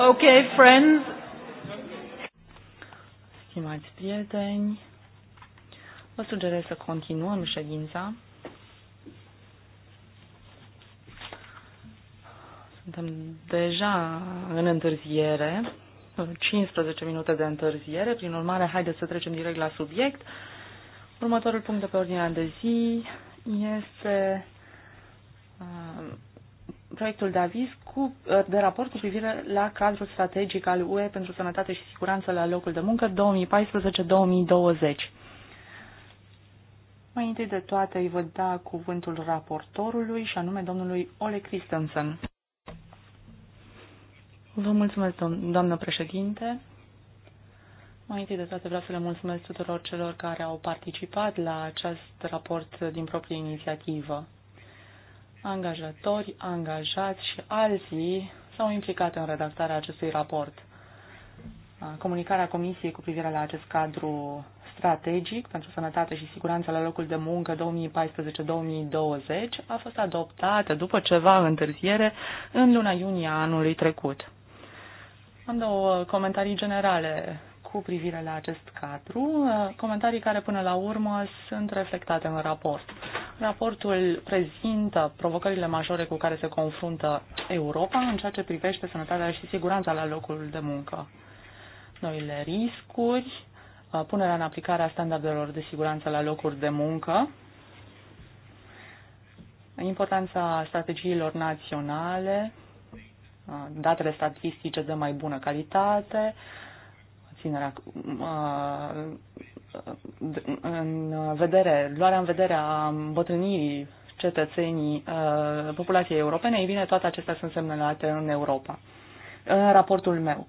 Ok, friends. Stimați prieteni, vă sugerez să continuăm ședința. Suntem deja în întârziere, 15 minute de întârziere, prin urmare, haideți să trecem direct la subiect. Următorul punct de pe ordinea de zi este proiectul de aviz cu, de raport cu privire la cadrul strategic al UE pentru sănătate și siguranță la locul de muncă 2014-2020. Mai întâi de toate îi văd da cuvântul raportorului și anume domnului Ole Christensen. Vă mulțumesc, do- doamnă președinte. Mai întâi de toate vreau să le mulțumesc tuturor celor care au participat la acest raport din proprie inițiativă angajatori, angajați și alții s-au implicat în redactarea acestui raport. Comunicarea Comisiei cu privire la acest cadru strategic pentru sănătate și siguranță la locul de muncă 2014-2020 a fost adoptată după ceva întârziere în luna iunie anului trecut. Am două comentarii generale cu privire la acest cadru, comentarii care până la urmă sunt reflectate în raport. Raportul prezintă provocările majore cu care se confruntă Europa în ceea ce privește sănătatea și siguranța la locul de muncă. Noile riscuri, uh, punerea în aplicare a standardelor de siguranță la locuri de muncă, importanța strategiilor naționale, uh, datele statistice de mai bună calitate, ținerea uh, în vedere, luarea în vedere a îmbătrânirii cetățenii uh, populației europene, ei bine, toate acestea sunt semnalate în Europa, în raportul meu.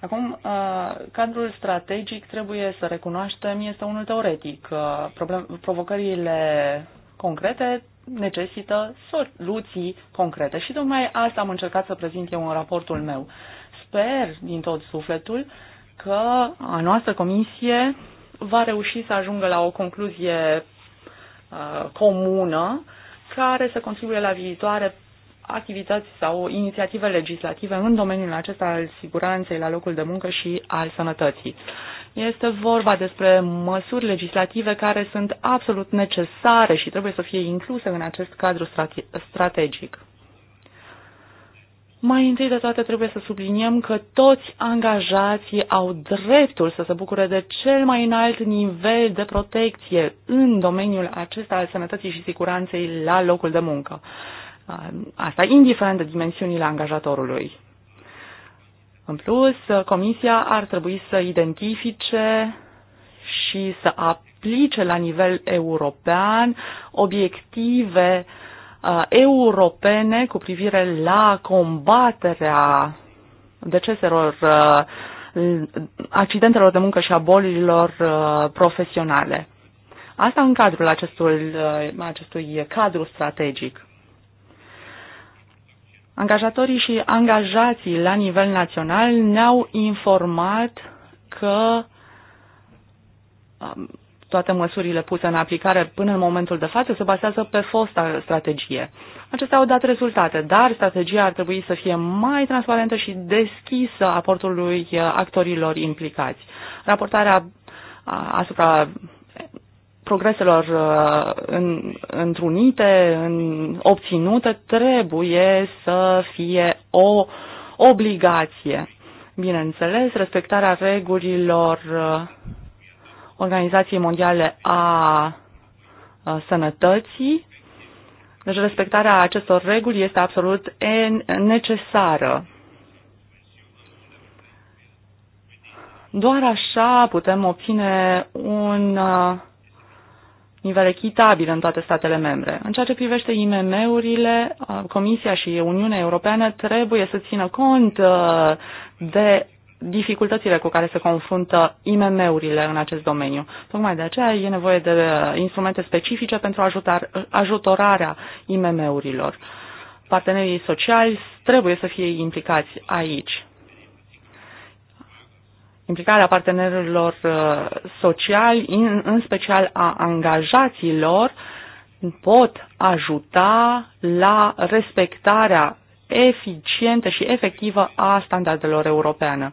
Acum, uh, cadrul strategic, trebuie să recunoaștem, este unul teoretic. Uh, provocările concrete necesită soluții concrete și tocmai asta am încercat să prezint eu în raportul meu. Sper din tot sufletul că a noastră comisie va reuși să ajungă la o concluzie uh, comună care să contribuie la viitoare activități sau inițiative legislative în domeniul acesta al siguranței la locul de muncă și al sănătății. Este vorba despre măsuri legislative care sunt absolut necesare și trebuie să fie incluse în acest cadru strategic. Mai întâi de toate trebuie să subliniem că toți angajații au dreptul să se bucure de cel mai înalt nivel de protecție în domeniul acesta al sănătății și siguranței la locul de muncă. Ah, asta indiferent de dimensiunile angajatorului. În plus, comisia ar trebui să identifice și să aplice la nivel european obiective uh, Uh, europene cu privire la combaterea deceselor, uh, accidentelor de muncă și a bolilor uh, profesionale. Asta în cadrul acestui, acestui cadru strategic. Angajatorii și angajații la nivel național ne-au informat că um, toate măsurile puse în aplicare până în momentul de față se bazează pe fosta strategie. Acestea au dat rezultate, dar strategia ar trebui să fie mai transparentă și deschisă aportului actorilor implicați. Raportarea asupra progreselor în, întrunite, în, obținute, trebuie să fie o obligație. Bineînțeles, respectarea regulilor uh, Organizației Mondiale a Sănătății. Deci respectarea acestor reguli este absolut necesară. Doar așa putem obține un nivel echitabil în toate statele membre. În ceea ce privește IMM-urile, Comisia și Uniunea Europeană trebuie să țină cont de dificultățile cu care se confruntă IMM-urile în acest domeniu. Tocmai de aceea e nevoie de uh, instrumente specifice pentru ajutar, uh, ajutorarea IMM-urilor. Partenerii sociali trebuie să fie implicați aici. Implicarea partenerilor uh, sociali, în special a angajaților, pot ajuta la respectarea eficientă și efectivă a standardelor europene.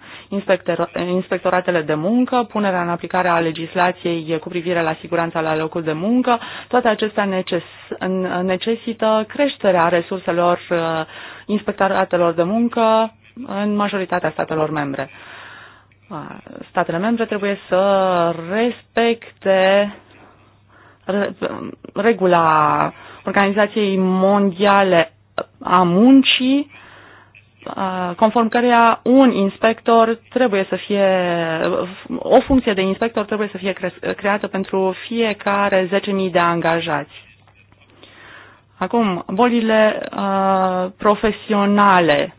Inspectoratele de muncă, punerea în aplicare a legislației cu privire la siguranța la locul de muncă, toate acestea neces- necesită creșterea resurselor uh, inspectoratelor de muncă în majoritatea statelor membre. Uh, statele membre trebuie să respecte regula Organizației Mondiale a muncii, conform căreia un inspector trebuie să fie, o funcție de inspector trebuie să fie creată pentru fiecare 10.000 de angajați. Acum, bolile uh, profesionale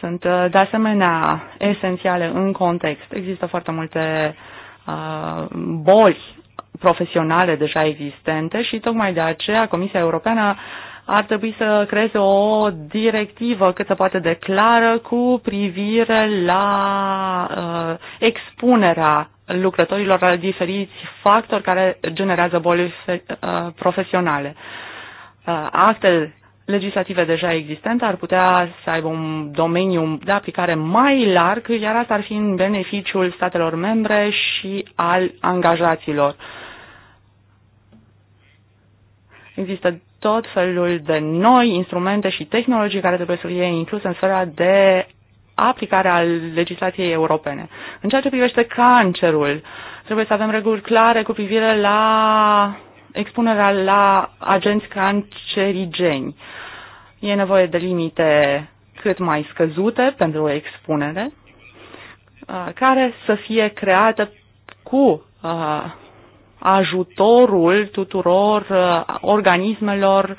sunt uh, de asemenea esențiale în context. Există foarte multe uh, boli profesionale deja existente și tocmai de aceea Comisia Europeană ar trebui să creeze o directivă cât se poate de clară cu privire la uh, expunerea lucrătorilor la diferiți factori care generează boli uh, profesionale. Uh, astfel, legislative deja existente ar putea să aibă un domeniu de aplicare mai larg, iar asta ar fi în beneficiul statelor membre și al angajaților. Există tot felul de noi instrumente și tehnologii care trebuie să fie incluse în sfera de aplicare a legislației europene. În ceea ce privește cancerul, trebuie să avem reguli clare cu privire la expunerea la agenți cancerigeni. E nevoie de limite cât mai scăzute pentru o expunere, uh, care să fie creată cu uh, ajutorul tuturor uh, organismelor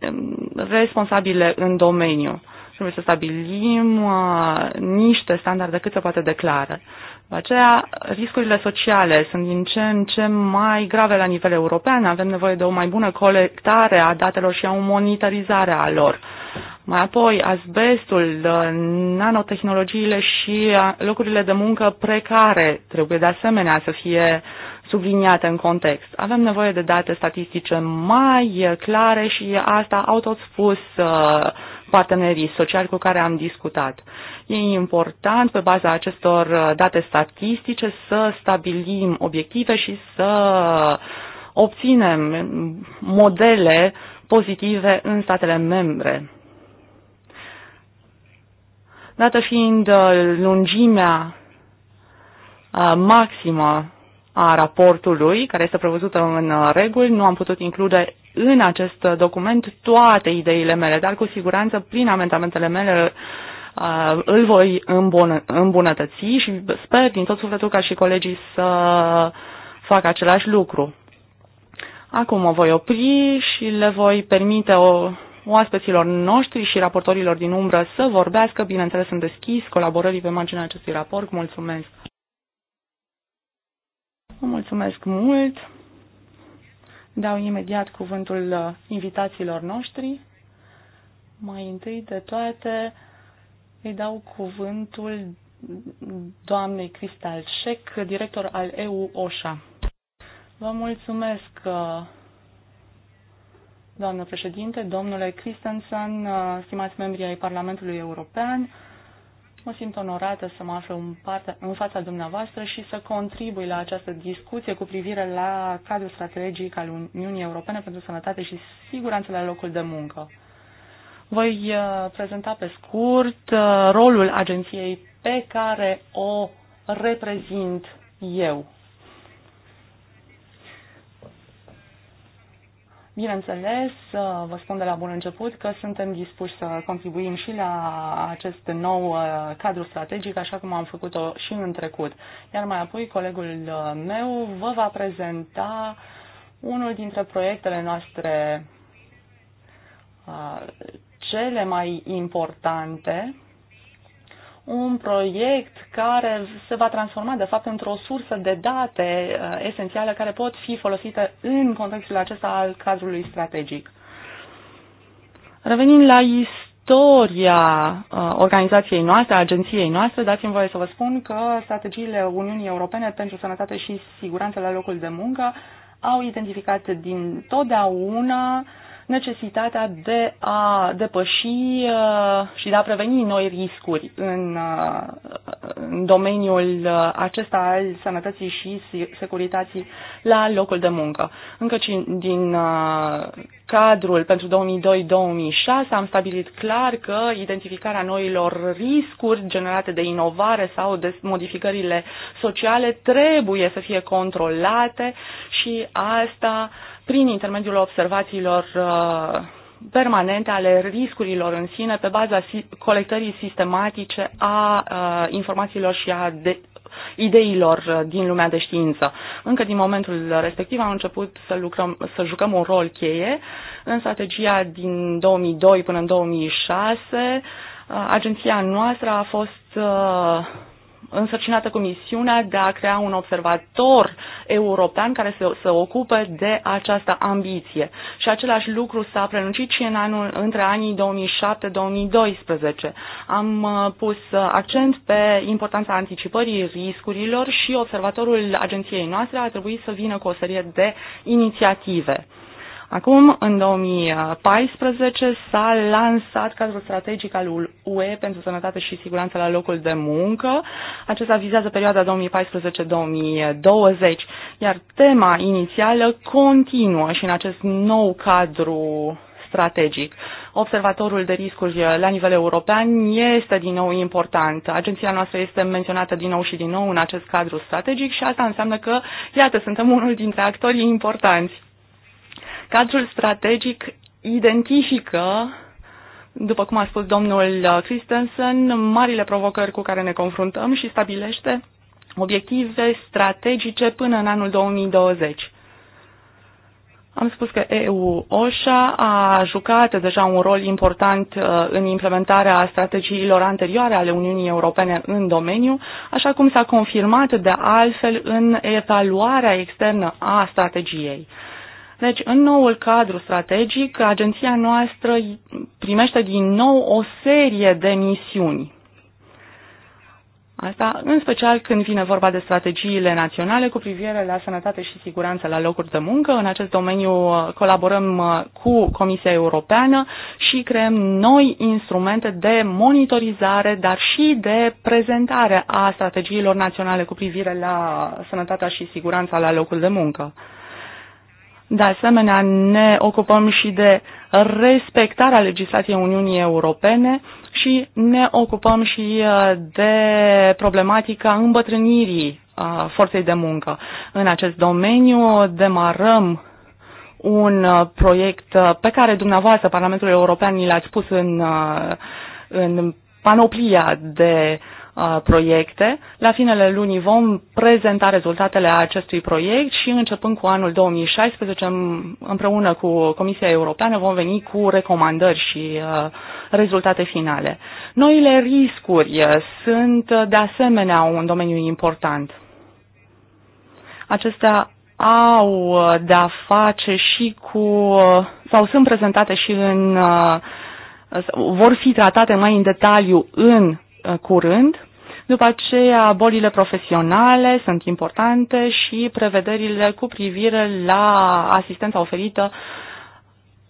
um, responsabile în domeniu. Trebuie să stabilim uh, niște standarde cât se poate declară. De aceea, riscurile sociale sunt din ce în ce mai grave la nivel european. Avem nevoie de o mai bună colectare a datelor și a o monitorizare a lor. Uh, mai apoi, asbestul, uh, nanotehnologiile și uh, locurile de muncă precare trebuie de asemenea să fie subliniate în context. Avem nevoie de date statistice mai clare și asta au tot spus uh, partenerii sociali cu care am discutat. E important, pe baza acestor date statistice, să stabilim obiective și să obținem modele pozitive în statele membre dată fiind uh, lungimea uh, maximă a raportului, care este prevăzută în uh, reguli, nu am putut include în acest document toate ideile mele, dar cu siguranță prin amendamentele mele îl voi îmbunătăți și sper din tot sufletul ca și colegii să facă același lucru. Acum o voi opri și le voi permite o oaspeților noștri și raportorilor din umbră să vorbească. Bineînțeles, sunt deschis colaborării pe marginea acestui raport. Mulțumesc! Vă mulțumesc mult! Dau imediat cuvântul uh, invitațiilor noștri. Mai întâi de toate îi dau cuvântul doamnei Cristal Șec, director al EU OSHA. Vă mulțumesc, uh, doamnă președinte, domnule Christensen, uh, stimați membri ai Parlamentului European. Mă simt onorată să mă aflu în, parte, în fața dumneavoastră și să contribui la această discuție cu privire la cadrul strategic al Uniunii Europene pentru Sănătate și Siguranță la locul de muncă. Voi uh, prezenta pe scurt uh, rolul agenției pe care o reprezint eu Bineînțeles, vă spun de la bun început că suntem dispuși să contribuim și la acest nou uh, cadru strategic, așa cum am făcut-o și în trecut. Iar mai apoi, colegul uh, meu vă va prezenta unul dintre proiectele noastre uh, cele mai importante un proiect care se va transforma de fapt într-o sursă de date uh, esențiale care pot fi folosite în contextul acesta al cadrului strategic. Revenind la istoria uh, organizației noastre, agenției noastre, dați-mi voie să vă spun că strategiile Uniunii Europene pentru Sănătate și Siguranță la locul de muncă au identificat din totdeauna necesitatea de a depăși uh, și de a preveni noi riscuri în, uh, domeniul uh, acesta al sănătății și securității la locul de muncă. Încă din cadrul pentru 2002-2006 am stabilit clar că identificarea noilor riscuri generate de inovare sau de modificările sociale trebuie să fie controlate și asta uh, prin intermediul observațiilor uh, permanente ale riscurilor în sine pe baza colectării sistematice a uh, informațiilor și a de- ideilor uh, din lumea de știință. Încă din momentul respectiv am început să, lucrăm, să jucăm un rol cheie în strategia din 2002 până în 2006. Agenția noastră a fost însărcinată cu misiunea de a crea un observator european care să se ocupe de această ambiție. Și același lucru s-a prelungit și în anul, între anii 2007-2012. Am uh, pus uh, accent pe importanța anticipării riscurilor și observatorul agenției noastre a trebuit să vină cu o serie de inițiative. Acum, în 2014, s-a lansat cadrul strategic al UE pentru sănătate și siguranță la locul de muncă. Acesta vizează perioada 2014-2020, iar tema inițială continuă și în acest nou cadru strategic. Observatorul de riscuri la nivel european este din nou important. Agenția noastră este menționată din nou și din nou în acest cadru strategic și asta înseamnă că, iată, suntem unul dintre actorii importanți. Cadrul strategic identifică, după cum a spus domnul uh, Christensen, marile provocări cu care ne confruntăm și stabilește obiective strategice până în anul 2020. Am spus că EU-OSHA a jucat deja un rol important uh, în implementarea strategiilor anterioare ale Uniunii Europene în domeniu, așa cum s-a confirmat de altfel în evaluarea externă a strategiei. Deci, în noul cadru strategic, agenția noastră primește din nou o serie de misiuni. Asta în special când vine vorba de strategiile naționale cu privire la sănătate și siguranță la locuri de muncă. În acest domeniu uh, colaborăm uh, cu Comisia Europeană și creăm noi instrumente de monitorizare, dar și de prezentare a strategiilor naționale cu privire la sănătatea și siguranța la locul de muncă. De asemenea, ne ocupăm și de respectarea legislației Uniunii Europene și ne ocupăm și uh, de problematica îmbătrânirii uh, forței de muncă. În acest domeniu demarăm un uh, proiect pe care dumneavoastră, Parlamentul European, ni l-ați pus în, în panoplia de uh, proiecte. La finele lunii vom prezenta rezultatele acestui proiect și începând cu anul 2016, împreună cu Comisia Europeană, vom veni cu recomandări și rezultate finale. Noile riscuri sunt de asemenea un domeniu important. Acestea au de-a face și cu, sau sunt prezentate și în, vor fi tratate mai în detaliu în Uh, curând. După aceea, bolile profesionale sunt importante și prevederile cu privire la asistența oferită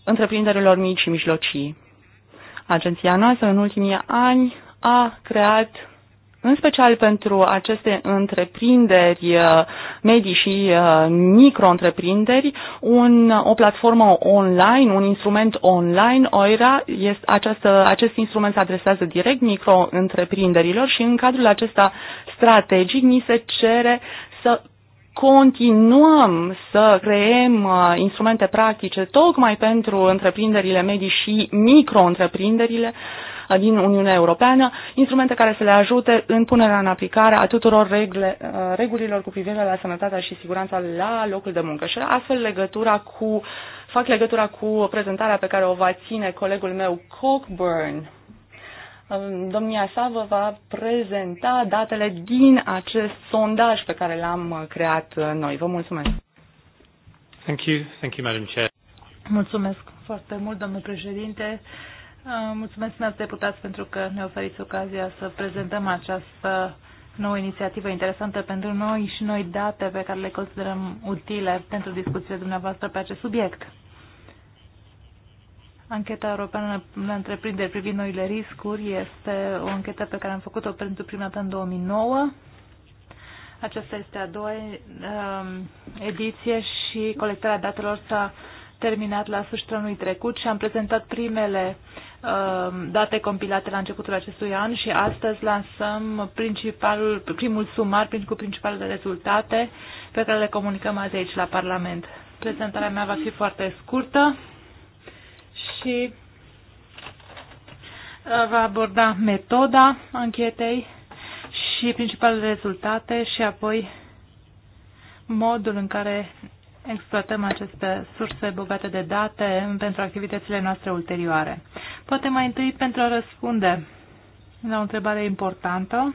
întreprinderilor mici și mijlocii. Agenția noastră în ultimii ani a creat în special pentru aceste întreprinderi uh, medii și uh, micro-întreprinderi, un, o platformă online, un instrument online, OIRA, este, această, acest instrument se adresează direct micro-întreprinderilor și în cadrul acesta strategic ni se cere să continuăm să creăm uh, instrumente practice tocmai pentru întreprinderile medii și micro-întreprinderile uh, din Uniunea Europeană, instrumente care să le ajute în punerea în aplicare a tuturor regle, uh, regulilor cu privire la sănătatea și siguranța la locul de muncă. Și astfel legătura cu, fac legătura cu prezentarea pe care o va ține colegul meu Cockburn. Um, domnia sa vă va prezenta datele din acest sondaj pe care l-am uh, creat uh, noi. Vă mulțumesc! Thank you. Thank you, Madam Chair. Mulțumesc foarte mult, domnule președinte. Uh, mulțumesc, stimați deputați, pentru că ne oferiți ocazia să prezentăm această nouă inițiativă interesantă pentru noi și noi date pe care le considerăm utile pentru discuțiile dumneavoastră pe acest subiect. Ancheta europeană la întreprinderi privind noile riscuri este o anchetă pe care am făcut-o pentru prima dată în 2009. Aceasta este a doua um, ediție și colectarea datelor s-a terminat la sfârșitul anului trecut și am prezentat primele Um, date compilate la începutul acestui an și astăzi lansăm principalul, primul sumar cu principalele rezultate pe care le comunicăm azi aici la Parlament. Prezentarea mea va fi foarte scurtă și uh, va aborda metoda anchetei și principalele rezultate și apoi modul în care exploatăm aceste surse bogate de date pentru activitățile noastre ulterioare. Poate mai întâi pentru a răspunde la o întrebare importantă.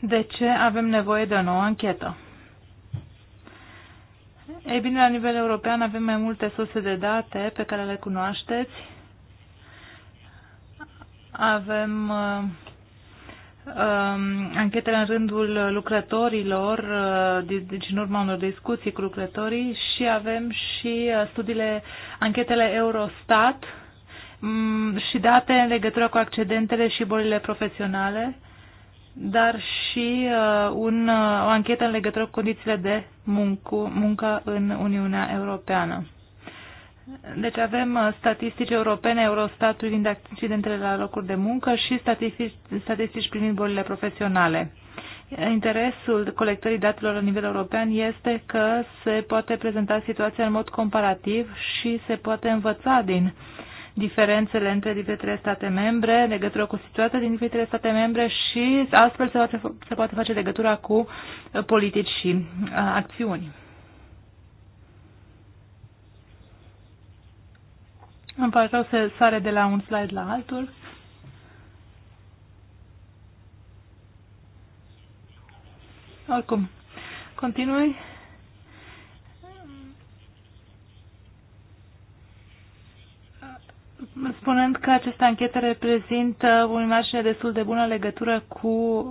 De ce avem nevoie de o nouă anchetă? Ei bine, la nivel european avem mai multe surse de date pe care le cunoașteți. Avem uh, Um, anchetele în rândul lucrătorilor, uh, deci în urma unor discuții cu lucrătorii și avem și uh, studiile, anchetele Eurostat mm, și date în legătură cu accidentele și bolile profesionale, dar și uh, un, o anchetă în legătură cu condițiile de muncă, muncă în Uniunea Europeană. Deci avem uh, statistici europene, Eurostat privind accidentele la locuri de muncă și statistici, statistici privind bolile profesionale. Interesul colectării datelor la nivel european este că se poate prezenta situația în mod comparativ și se poate învăța din diferențele între diferitele state membre, legătură cu situația din diferitele state membre și astfel se poate, se poate face legătura cu politici și uh, acțiuni. Îmi pare rău să sare de la un slide la altul. Oricum, continui spunând că această anchetă reprezintă o imagine destul de bună legătură cu um,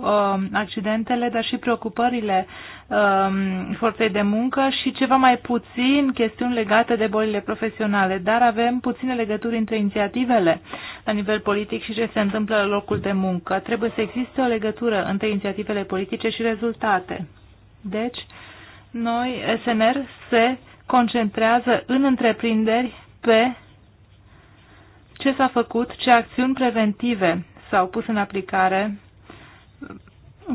accidentele, dar și preocupările um, forței de muncă și ceva mai puțin chestiuni legate de bolile profesionale. Dar avem puține legături între inițiativele la nivel politic și ce se întâmplă la locul de muncă. Trebuie să existe o legătură între inițiativele politice și rezultate. Deci, noi, SNR, se concentrează în întreprinderi pe ce s-a făcut, ce acțiuni preventive s-au pus în aplicare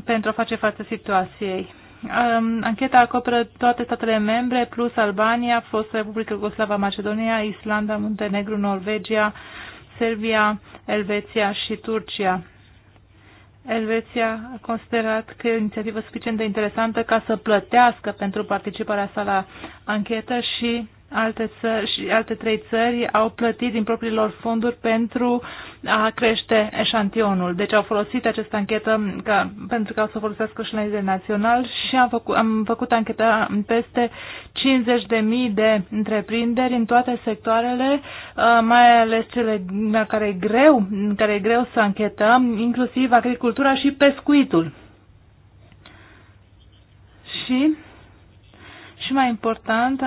pentru a face față situației. Um, ancheta acoperă toate statele membre, plus Albania, fost Republica Iugoslava, Macedonia, Islanda, Muntenegru, Norvegia, Serbia, Elveția și Turcia. Elveția a considerat că e o inițiativă suficient de interesantă ca să plătească pentru participarea sa la anchetă și alte, țări, și alte trei țări au plătit din propriilor fonduri pentru a crește eșantionul. Deci au folosit această anchetă ca, pentru că au să folosească și la nivel național și am făcut, am făcut ancheta în peste 50.000 de întreprinderi în toate sectoarele, uh, mai ales cele care e greu, care e greu să anchetăm, inclusiv agricultura și pescuitul. Și, și mai important,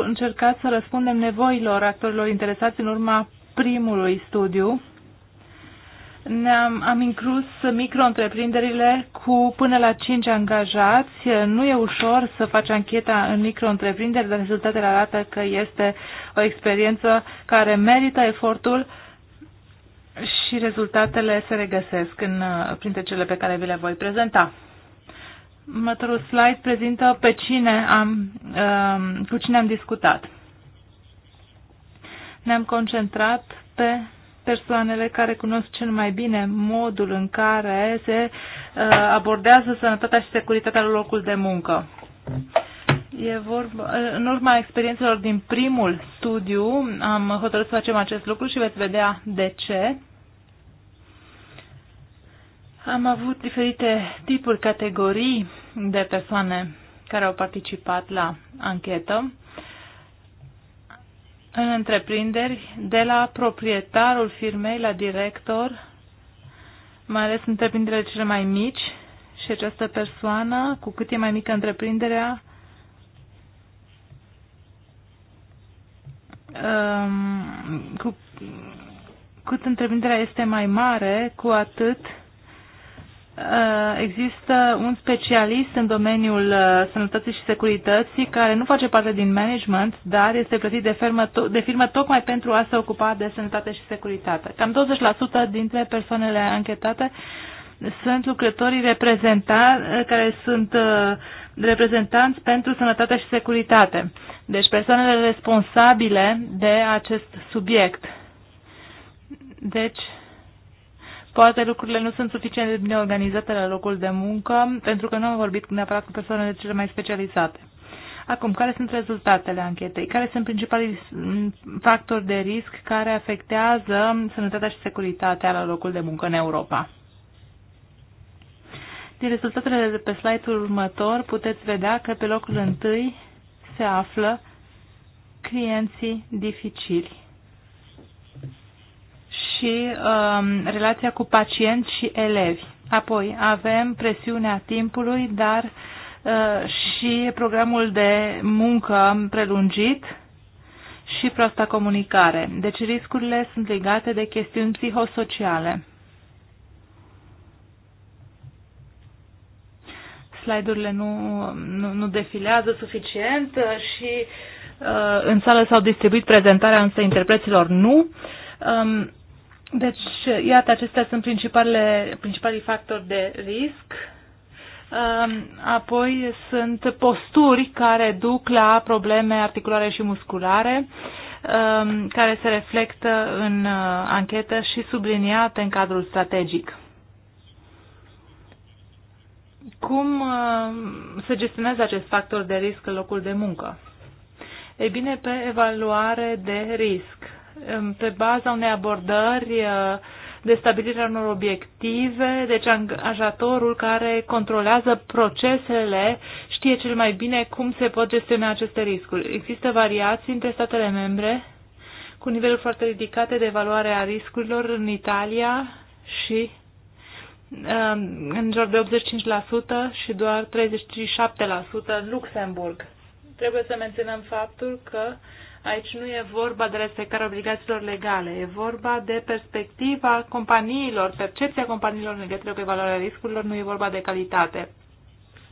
încercat să răspundem nevoilor actorilor interesați în urma primului studiu. Ne-am am inclus micro-întreprinderile cu până la 5 angajați. Nu e ușor să faci ancheta în micro-întreprinderi, dar rezultatele arată că este o experiență care merită efortul și rezultatele se regăsesc în, printre cele pe care vi le voi prezenta. Următorul slide prezintă pe cine am, um, cu cine am discutat. Ne-am concentrat pe persoanele care cunosc cel mai bine modul în care se uh, abordează sănătatea și securitatea la locul de muncă. E vorba, în urma experiențelor din primul studiu am hotărât să facem acest lucru și veți vedea de ce. Am avut diferite tipuri, categorii de persoane care au participat la anchetă în întreprinderi, de la proprietarul firmei la director, mai ales întreprinderile cele mai mici și această persoană, cu cât e mai mică întreprinderea, um, cu cât întreprinderea este mai mare, cu atât Uh, există un specialist în domeniul uh, sănătății și securității care nu face parte din management, dar este plătit de firmă, de firmă tocmai pentru a se ocupa de sănătate și securitate. Cam 20% dintre persoanele anchetate sunt lucrătorii uh, care sunt reprezentanți pentru sănătate și securitate. Deci persoanele responsabile de acest subiect. Deci, Poate lucrurile nu sunt suficient de bine organizate la locul de muncă, pentru că nu am vorbit neapărat cu persoanele cele mai specializate. Acum, care sunt rezultatele anchetei? Care sunt principalii factori de risc care afectează sănătatea și securitatea la locul de muncă în Europa? Din rezultatele de pe slide-ul următor puteți vedea că pe locul întâi se află clienții dificili și uh, relația cu pacienți și elevi. Apoi avem presiunea timpului, dar uh, și programul de muncă prelungit și proasta comunicare. Deci riscurile sunt legate de chestiuni psihosociale. Slide-urile nu, nu, nu defilează suficient uh, și uh, în sală s-au distribuit prezentarea, însă interpreților nu. Um, deci, iată, acestea sunt principalele, principalii factori de risc. Um, apoi sunt posturi care duc la probleme articulare și musculare, um, care se reflectă în uh, anchetă și subliniate în cadrul strategic. Cum um, se gestionează acest factor de risc în locul de muncă? Ei bine, pe evaluare de risc pe baza unei abordări uh, de stabilirea unor obiective, deci angajatorul care controlează procesele știe cel mai bine cum se pot gestiona aceste riscuri. Există variații între statele membre cu niveluri foarte ridicate de evaluare a riscurilor în Italia și uh, în jur de 85% și doar 37% în Luxemburg. Trebuie să menționăm faptul că Aici nu e vorba de respectarea obligațiilor legale, e vorba de perspectiva companiilor, percepția companiilor în legătură cu evaluarea riscurilor, nu e vorba de calitate.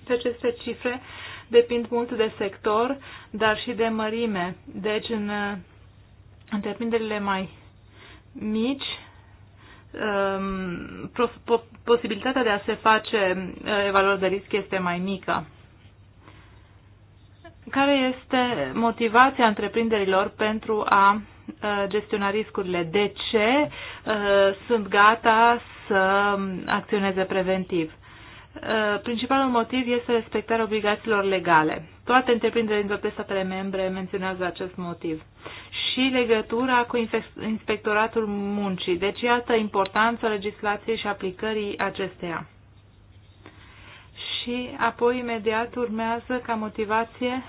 Deci aceste cifre depind mult de sector, dar și de mărime. Deci în întreprinderile mai mici, um, posibilitatea de a se face uh, evaluări de risc este mai mică care este motivația întreprinderilor pentru a uh, gestiona riscurile, de ce uh, sunt gata să acționeze preventiv. Uh, principalul motiv este respectarea obligațiilor legale. Toate întreprinderile din toate statele membre menționează acest motiv. Și legătura cu inspectoratul muncii. Deci, iată importanța legislației și aplicării acesteia. Și apoi, imediat, urmează ca motivație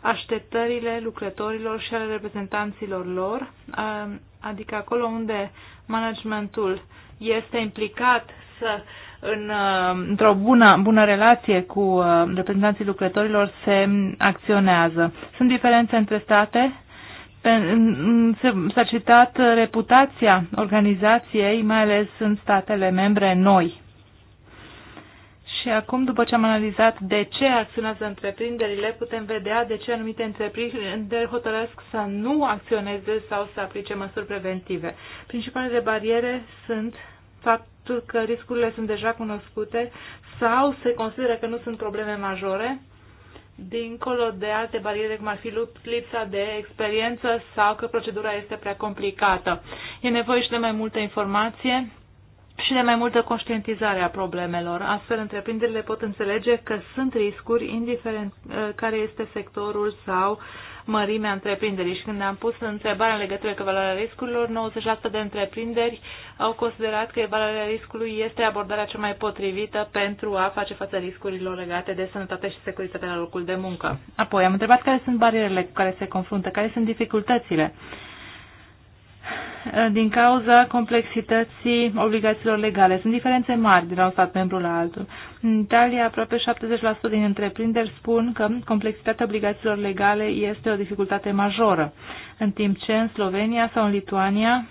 așteptările lucrătorilor și ale reprezentanților lor, um, adică acolo unde managementul este implicat să în, um, într-o bună, bună relație cu um, reprezentanții lucrătorilor se acționează. Sunt diferențe între state? S-a citat reputația organizației, mai ales în statele membre noi. Și acum, după ce am analizat de ce acționează întreprinderile, putem vedea de ce anumite întreprinderi hotărăsc să nu acționeze sau să aplice măsuri preventive. Principalele bariere sunt faptul că riscurile sunt deja cunoscute sau se consideră că nu sunt probleme majore, dincolo de alte bariere, cum ar fi lipsa de experiență sau că procedura este prea complicată. E nevoie și de mai multă informație și de mai multă conștientizare a problemelor. Astfel, întreprinderile pot înțelege că sunt riscuri, indiferent uh, care este sectorul sau mărimea întreprinderii. Și când am pus întrebarea în legătură cu valoarea riscurilor, 90% de întreprinderi au considerat că evaluarea riscului este abordarea cea mai potrivită pentru a face față riscurilor legate de sănătate și securitate la locul de muncă. Apoi, am întrebat care sunt barierele cu care se confruntă, care sunt dificultățile Eh, din cauza complexității obligațiilor legale. Sunt diferențe mari de la un stat membru la altul. În Italia, aproape 70% din întreprinderi spun că complexitatea obligațiilor legale este o dificultate majoră, în timp ce în Slovenia sau în Lituania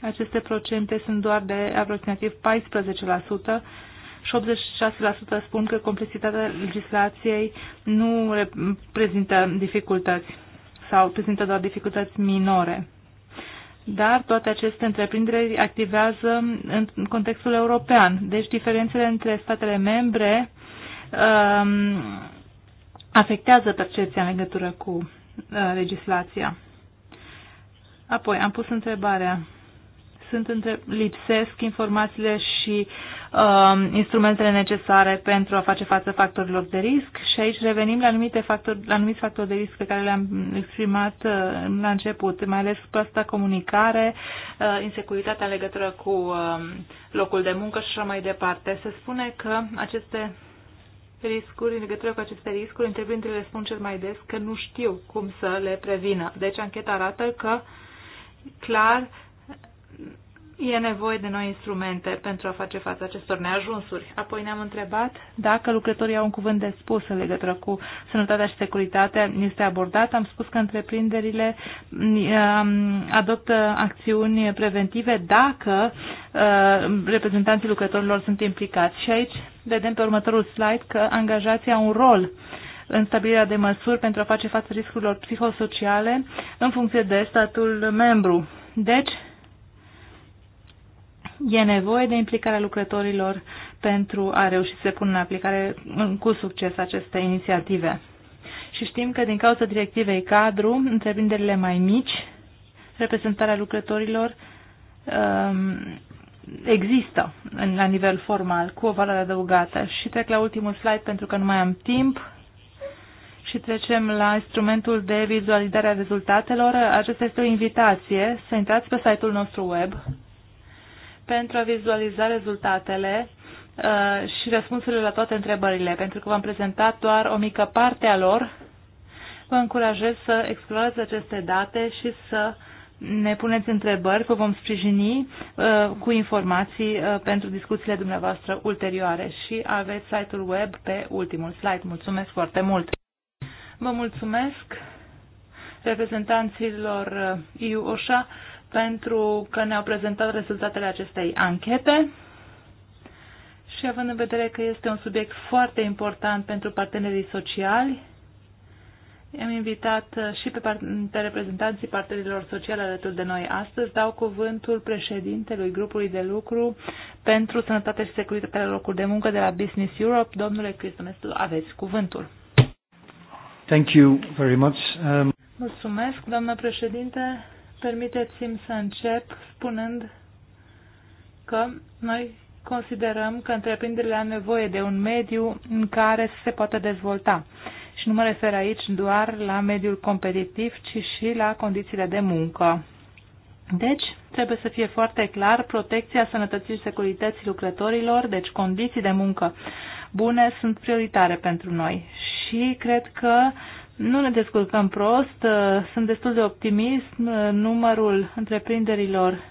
aceste procente sunt doar de aproximativ 14%, și 86% spun că complexitatea legislației nu reprezintă dificultăți sau prezintă doar dificultăți minore dar toate aceste întreprinderi activează în contextul european. Deci diferențele între statele membre um, afectează percepția în legătură cu uh, legislația. Apoi am pus întrebarea sunt între, lipsesc informațiile și uh, instrumentele necesare pentru a face față factorilor de risc și aici revenim la, anumite factori, la anumiți factori de risc pe care le-am exprimat uh, la început, mai ales proasta comunicare, uh, insecuritatea în legătură cu uh, locul de muncă și așa mai departe. Se spune că aceste riscuri, în legătură cu aceste riscuri, întreprinderile spun cel mai des că nu știu cum să le prevină. Deci ancheta arată că clar e nevoie de noi instrumente pentru a face față acestor neajunsuri. Apoi ne-am întrebat dacă lucrătorii au un cuvânt de spus în legătură cu sănătatea și securitatea. Este abordat. Am spus că întreprinderile mm, adoptă acțiuni preventive dacă uh, reprezentanții lucrătorilor sunt implicați. Și aici vedem pe următorul slide că angajații au un rol în stabilirea de măsuri pentru a face față riscurilor psihosociale în funcție de statul membru. Deci, E nevoie de implicarea lucrătorilor pentru a reuși să pună în aplicare cu succes aceste inițiative. Și știm că din cauza directivei cadru, întreprinderile mai mici, reprezentarea lucrătorilor um, există la nivel formal, cu o valoare adăugată. Și trec la ultimul slide pentru că nu mai am timp și trecem la instrumentul de vizualizare a rezultatelor. Acesta este o invitație să intrați pe site-ul nostru web pentru a vizualiza rezultatele uh, și răspunsurile la toate întrebările, pentru că v-am prezentat doar o mică parte a lor. Vă încurajez să explorați aceste date și să ne puneți întrebări, vă vom sprijini uh, cu informații uh, pentru discuțiile dumneavoastră ulterioare și aveți site-ul web pe ultimul slide. Mulțumesc foarte mult! Vă mulțumesc reprezentanților EU-OSHA pentru că ne-au prezentat rezultatele acestei anchete și având în vedere că este un subiect foarte important pentru partenerii sociali, am invitat și pe, part- reprezentanții partenerilor sociali alături de noi astăzi. Dau cuvântul președintelui grupului de lucru pentru sănătate și securitate la locuri de muncă de la Business Europe. Domnule Cristonescu, aveți cuvântul. Thank you very much. Um... Mulțumesc, doamnă președinte. Permiteți-mi să încep spunând că noi considerăm că întreprinderile au nevoie de un mediu în care se poate dezvolta. Și nu mă refer aici doar la mediul competitiv, ci și la condițiile de muncă. Deci, trebuie să fie foarte clar protecția sănătății și securității lucrătorilor, deci condiții de muncă bune sunt prioritare pentru noi. Și cred că uh, nu ne descurcăm prost, uh, sunt destul de optimist. Uh, numărul întreprinderilor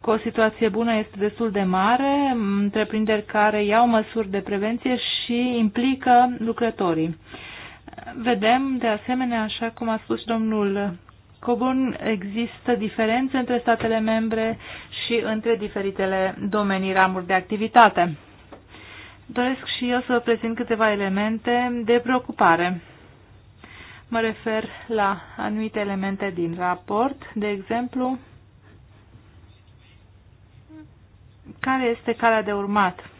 cu o situație bună este destul de mare, întreprinderi care iau măsuri de prevenție și implică lucrătorii. Vedem, de asemenea, așa cum a spus domnul Coburn, există diferențe între statele membre și între diferitele domenii, ramuri de activitate doresc și eu să vă prezint câteva elemente de preocupare. Mă refer la anumite elemente din raport, de exemplu, care este calea de urmat.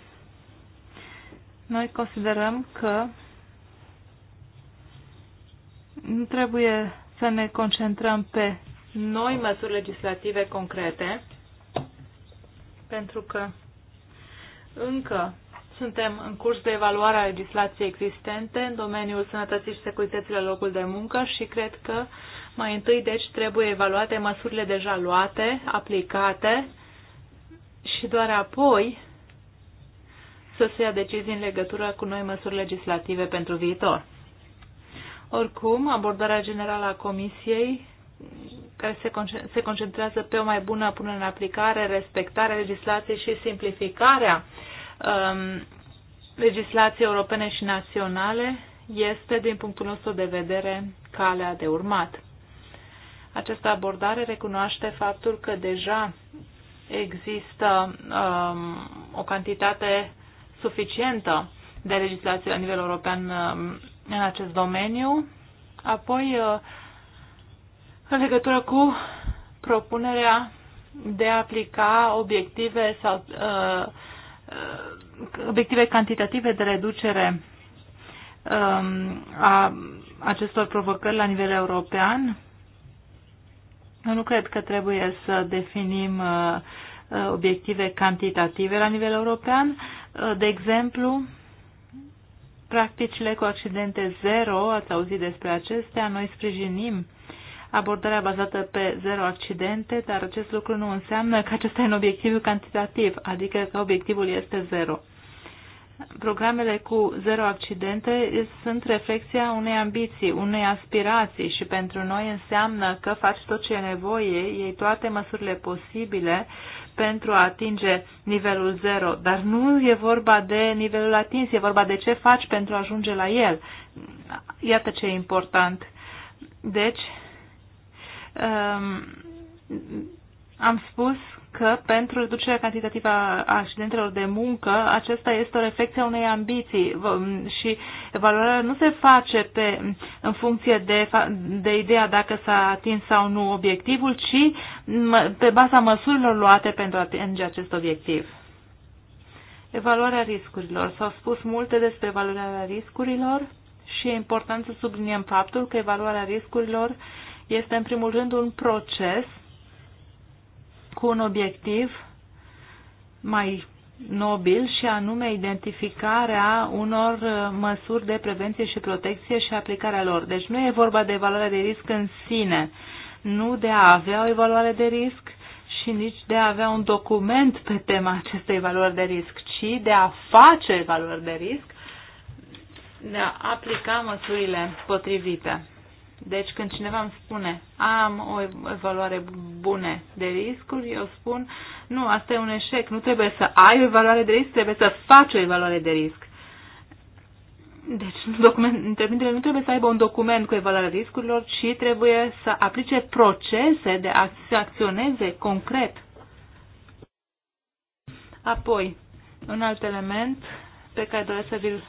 Noi considerăm că nu trebuie să ne concentrăm pe noi măsuri legislative concrete, pentru că încă suntem în curs de evaluare a legislației existente în domeniul sănătății și securității la locul de muncă și cred că mai întâi, deci, trebuie evaluate măsurile deja luate, aplicate și doar apoi să se ia decizii în legătură cu noi măsuri legislative pentru viitor. Oricum, abordarea generală a Comisiei care se concentrează pe o mai bună punere în aplicare, respectarea legislației și simplificarea um, legislației europene și naționale este, din punctul nostru de vedere, calea de urmat. Această abordare recunoaște faptul că deja există um, o cantitate suficientă de legislație la nivel european um, în acest domeniu. Apoi, uh, în legătură cu propunerea de a aplica obiective sau uh, obiective cantitative de reducere um, a acestor provocări la nivel european. Eu nu cred că trebuie să definim uh, uh, obiective cantitative la nivel european. Uh, de exemplu, practicile cu accidente zero, ați auzit despre acestea, noi sprijinim uh, abordarea bazată pe zero accidente, dar acest lucru nu înseamnă că acesta e un obiectiv cantitativ, adică că obiectivul este zero. Programele cu zero accidente sunt reflexia unei ambiții, unei aspirații și pentru noi înseamnă că faci tot ce e nevoie, iei toate măsurile posibile pentru a atinge nivelul zero, dar nu e vorba de nivelul atins, e vorba de ce faci pentru a ajunge la el. Iată ce e important. Deci, Ehm, am spus că pentru reducerea cantitativă a accidentelor de muncă, acesta este o reflecție a unei ambiții și evaluarea nu se face pe, în funcție de, de ideea dacă s-a atins sau nu obiectivul, ci pe baza măsurilor luate pentru a atinge acest obiectiv. Evaluarea riscurilor. S-au spus multe despre evaluarea riscurilor și e important să subliniem faptul că evaluarea riscurilor uh, este în primul rând un proces cu un obiectiv mai nobil și anume identificarea unor uh, măsuri de prevenție și protecție și aplicarea lor. Deci nu e vorba de evaluarea de risc în sine, nu de a avea o evaluare de risc și nici de a avea un document pe tema acestei evaluări de risc, ci de a face evaluări de risc, de a aplica măsurile potrivite. Deci când cineva îmi spune am o evaluare bună de riscuri, eu spun nu, asta e un eșec, nu trebuie să ai o evaluare de risc, trebuie să faci o evaluare de risc. Deci, document, întreprinderile nu trebuie să aibă un document cu evaluarea riscurilor, ci trebuie să aplice procese de a se acționeze concret. Apoi, un alt element pe care doresc să vi-l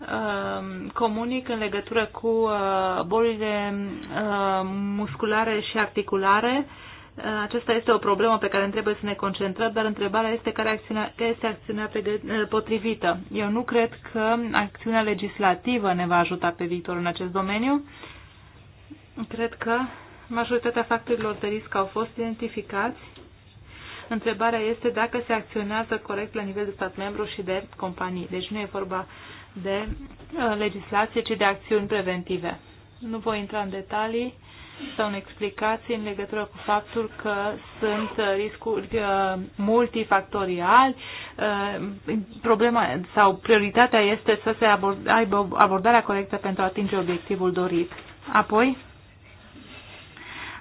Um, comunic în legătură cu uh, bolile uh, musculare și articulare. Uh, aceasta este o problemă pe care trebuie să ne concentrăm, dar întrebarea este care, acțiunea, care este acțiunea potrivită. Eu nu cred că acțiunea legislativă ne va ajuta pe viitor în acest domeniu. Cred că majoritatea factorilor de risc au fost identificați. Întrebarea este dacă se acționează corect la nivel de stat membru și de companii. Deci nu e vorba uh, de uh, legislație, ci de acțiuni preventive. Nu voi intra în detalii sau în explicații în legătură cu faptul că sunt uh, riscuri uh, multifactoriali. Problema sau prioritatea este să se aibă abordarea corectă pentru a atinge obiectivul dorit. Apoi,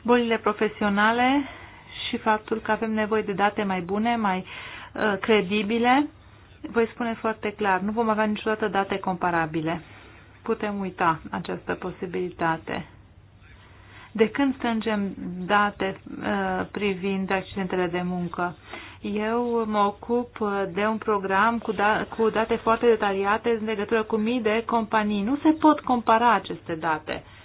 bolile profesionale și faptul că avem nevoie de date mai bune, mai credibile voi spune foarte clar, nu vom avea niciodată date comparabile. Putem uita această posibilitate. De când strângem date uh, privind accidentele de muncă? Eu mă ocup de un program cu, da cu date foarte detaliate în legătură cu mii de companii. Nu se pot compara aceste date. Uh,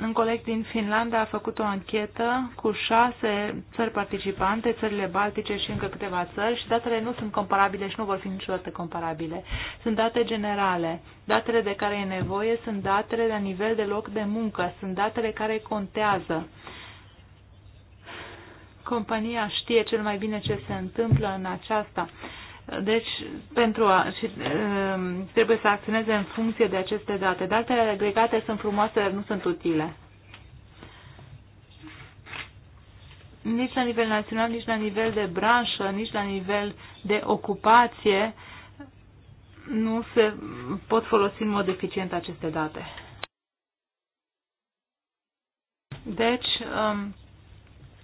un coleg din Finlanda a făcut o anchetă cu șase țări participante, țările Baltice și încă câteva țări și datele nu sunt comparabile și nu vor fi niciodată comparabile. Sunt date generale. Datele de care e nevoie sunt datele la nivel de loc de muncă, sunt datele care contează. Compania știe cel mai bine ce se întâmplă în aceasta deci, pentru a, și, ehm, trebuie să acționeze în funcție de aceste date. Datele agregate sunt frumoase, dar nu sunt utile. Nici la nivel național, nici la nivel de branșă, nici la nivel de ocupație nu se pot folosi în mod eficient aceste date. Deci, ehm,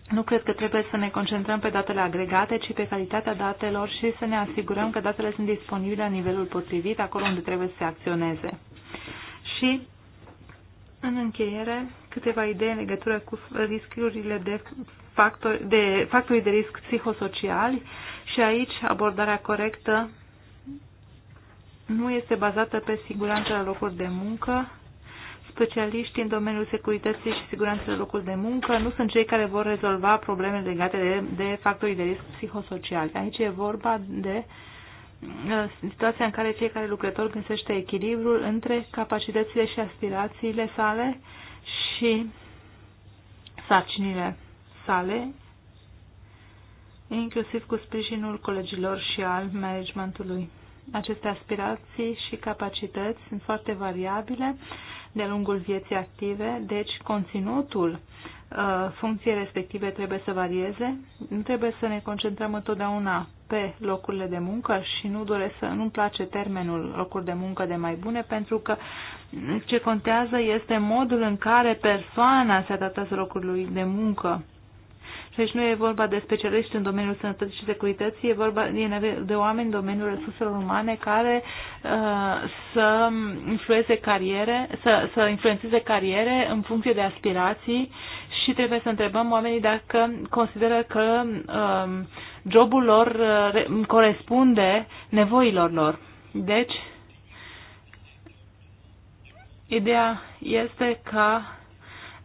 nu cred că trebuie să ne concentrăm pe datele agregate, ci pe calitatea datelor și să ne asigurăm că datele sunt disponibile la nivelul potrivit, acolo unde trebuie să se acționeze. Și, în încheiere, câteva idei în legătură cu riscurile de factori de, factori de risc psihosociali și aici abordarea corectă nu este bazată pe siguranța la locuri de muncă, specialiști în domeniul securității și siguranței la locul de muncă nu sunt cei care vor rezolva probleme legate de, de factorii de risc psihosocial. Aici e vorba de uh, situația în care fiecare lucrător găsește echilibrul între capacitățile și aspirațiile sale și sarcinile sale, inclusiv cu sprijinul colegilor și al managementului. Aceste aspirații și capacități sunt foarte variabile de-a lungul vieții active, deci conținutul uh, funcției respective trebuie să varieze. Nu trebuie să ne concentrăm întotdeauna pe locurile de muncă și nu doresc să nu-mi place termenul locuri de muncă de mai bune pentru că ce contează este modul în care persoana se adaptează locului de muncă deci nu e vorba de specialiști în domeniul sănătății și securității, e vorba de oameni în domeniul resurselor umane care uh, să influeze cariere, să, să influențeze cariere în funcție de aspirații și trebuie să întrebăm oamenii dacă consideră că uh, jobul lor uh, corespunde nevoilor lor. Deci, ideea este ca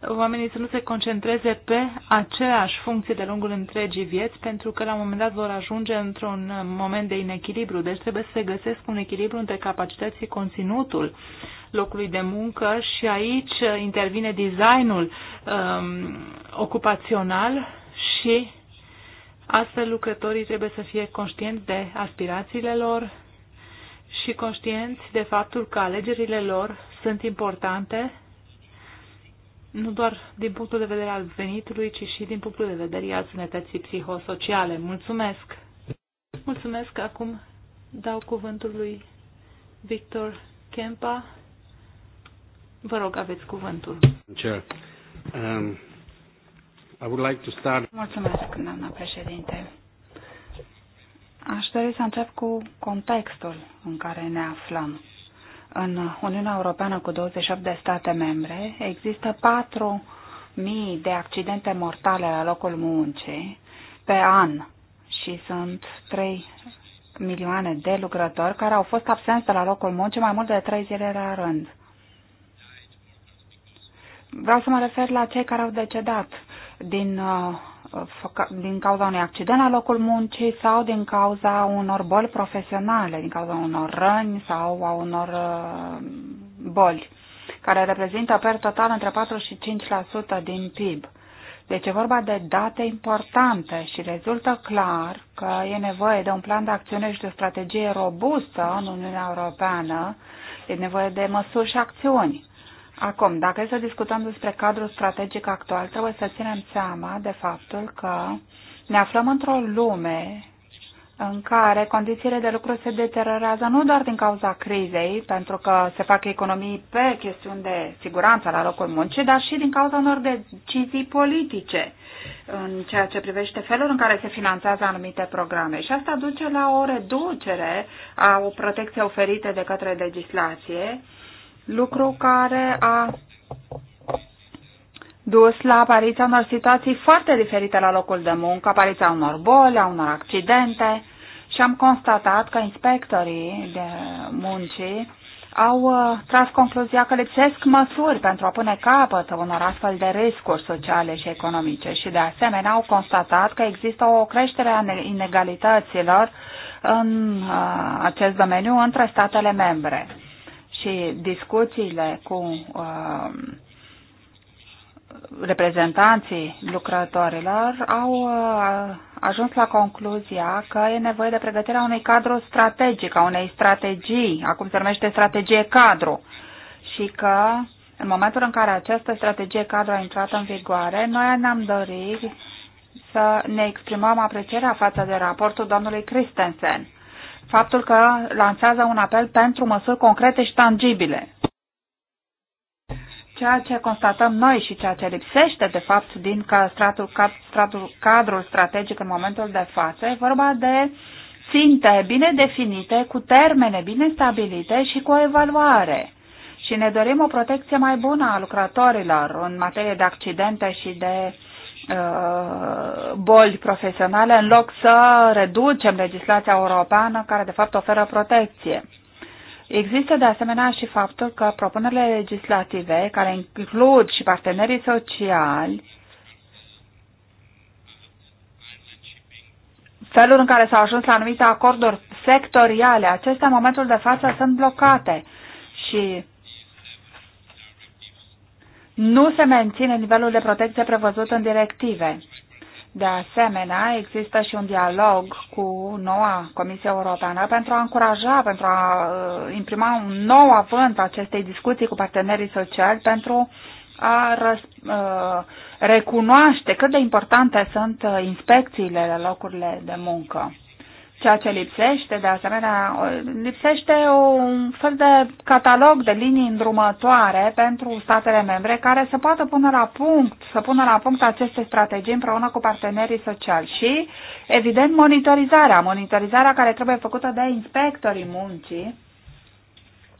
oamenii să nu se concentreze pe aceeași funcție de lungul întregii vieți, pentru că la un moment dat vor ajunge într-un moment de inechilibru. Deci trebuie să se găsesc un echilibru între capacități și conținutul locului de muncă și aici intervine designul um, ocupațional și astfel lucrătorii trebuie să fie conștienți de aspirațiile lor și conștienți de faptul că alegerile lor sunt importante nu doar din punctul de vedere al venitului, ci și din punctul de vedere al sănătății psihosociale. Mulțumesc! Mulțumesc! Acum dau cuvântul lui Victor Kempa. Vă rog, aveți cuvântul. Um, I would like to start... Mulțumesc, doamna președinte. Aș dori să încep cu contextul în care ne aflăm în Uniunea Europeană cu 27 de state membre, există 4.000 de accidente mortale la locul muncii pe an și sunt 3 milioane de lucrători care au fost absenți de la locul muncii mai mult de 3 zile la rând. Vreau să mă refer la cei care au decedat din uh, din cauza unui accident la locul muncii sau din cauza unor boli profesionale, din cauza unor răni sau a unor uh, boli, care reprezintă per total între 4 și 5% din PIB. Deci e vorba de date importante și rezultă clar că e nevoie de un plan de acțiune și de o strategie robustă în Uniunea Europeană, e nevoie de măsuri și acțiuni. Acum, dacă e să discutăm despre cadrul strategic actual, trebuie să ținem seama de faptul că ne aflăm într-o lume în care condițiile de lucru se deteriorează nu doar din cauza crizei, pentru că se fac economii pe chestiuni de siguranță la locul muncii, dar și din cauza unor decizii politice în ceea ce privește felul în care se finanțează anumite programe. Și asta duce la o reducere a o protecție oferită de către legislație lucru care a dus la apariția unor situații foarte diferite la locul de muncă, apariția unor boli, a unor accidente și am constatat că inspectorii de muncii au uh, tras concluzia că lipsesc măsuri pentru a pune capăt unor astfel de riscuri sociale și economice și de asemenea au constatat că există o creștere a inegalităților în uh, acest domeniu între statele membre și discuțiile cu uh, reprezentanții lucrătorilor au uh, ajuns la concluzia că e nevoie de pregătirea unui cadru strategic, a unei strategii, acum se numește strategie cadru, și că în momentul în care această strategie cadru a intrat în vigoare, noi ne-am dorit să ne exprimăm aprecierea față de raportul domnului Christensen faptul că lansează un apel pentru măsuri concrete și tangibile. Ceea ce constatăm noi și ceea ce lipsește, de fapt, din ca stratul, stratul, cadrul strategic în momentul de față, e vorba de ținte bine definite, cu termene bine stabilite și cu o evaluare și ne dorim o protecție mai bună a lucrătorilor în materie de accidente și de Uh, boli profesionale în loc să reducem legislația europeană care de fapt oferă protecție. Există de asemenea și faptul că propunerile legislative care includ și partenerii sociali felul în care s-au ajuns la anumite acorduri sectoriale, acestea în momentul de față sunt blocate și nu se menține nivelul de protecție prevăzut în directive. De asemenea, există și un dialog cu noua Comisie Europeană pentru a încuraja, pentru a uh, imprima un nou avânt acestei discuții cu partenerii sociali pentru a răs, uh, recunoaște cât de importante sunt uh, inspecțiile la locurile de muncă. Ceea ce lipsește, de asemenea, lipsește un fel de catalog de linii îndrumătoare pentru statele membre care să poată pune la punct, să pună la punct aceste strategii împreună cu partenerii sociali și, evident, monitorizarea, monitorizarea care trebuie făcută de inspectorii muncii,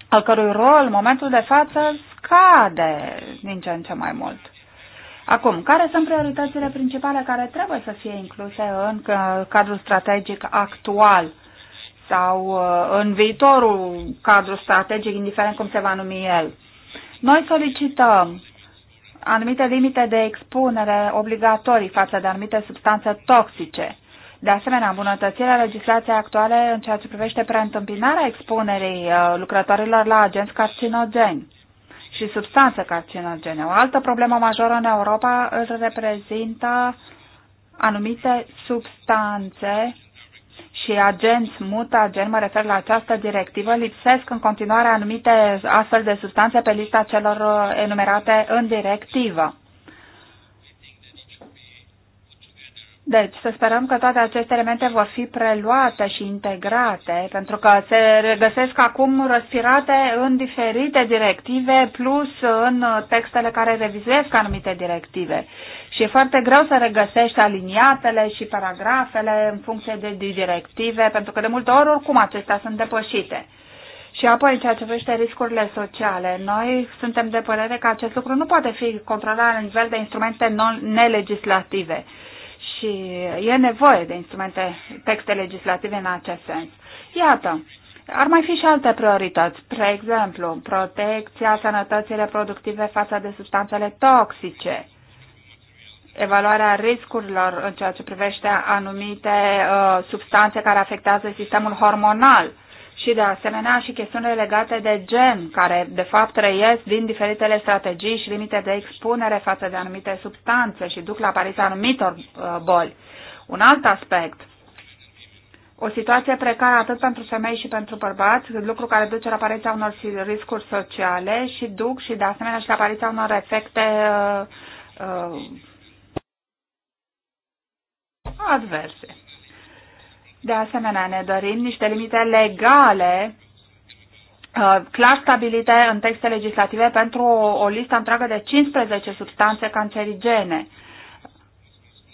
al cărui rol, în momentul de față, scade din ce în ce mai mult. Acum, care sunt prioritățile principale care trebuie să fie incluse în cadrul strategic actual sau uh, în viitorul cadru strategic, indiferent cum se va numi el? Noi solicităm anumite limite de expunere obligatorii față de anumite substanțe toxice. De asemenea, îmbunătățirea legislației actuale în ceea ce privește preîntâmpinarea expunerii uh, lucrătorilor la agenți carcinogeni și substanțe carcinogene. O altă problemă majoră în Europa îl reprezintă anumite substanțe și agenți mutageni, mă refer la această directivă, lipsesc în continuare anumite astfel de substanțe pe lista celor uh, enumerate în directivă. Deci, să sperăm că toate aceste elemente vor fi preluate și integrate, pentru că se regăsesc acum răspirate în diferite directive, plus în textele care revizuiesc anumite directive. Și e foarte greu să regăsești aliniatele și paragrafele în funcție de directive, pentru că de multe ori oricum acestea sunt depășite. Și apoi, în ceea ce vește riscurile sociale, noi suntem de părere că acest lucru nu poate fi controlat la nivel de instrumente non-nelegislative și e nevoie de instrumente, texte legislative în acest sens. Iată, ar mai fi și alte priorități, spre exemplu, protecția sănătății reproductive față de substanțele toxice, evaluarea riscurilor în ceea ce privește anumite uh, substanțe care afectează sistemul hormonal, și de asemenea și chestiunile legate de gen, care de fapt reies din diferitele strategii și limite de expunere față de anumite substanțe și duc la apariția anumitor uh, boli. Un alt aspect, o situație precară atât pentru femei și pentru bărbați, lucru care duce la apariția unor riscuri sociale și duc și de asemenea și la apariția unor efecte uh, uh, adverse. De asemenea, ne dorim niște limite legale uh, clar stabilite în texte legislative pentru o, o listă întreagă de 15 substanțe cancerigene.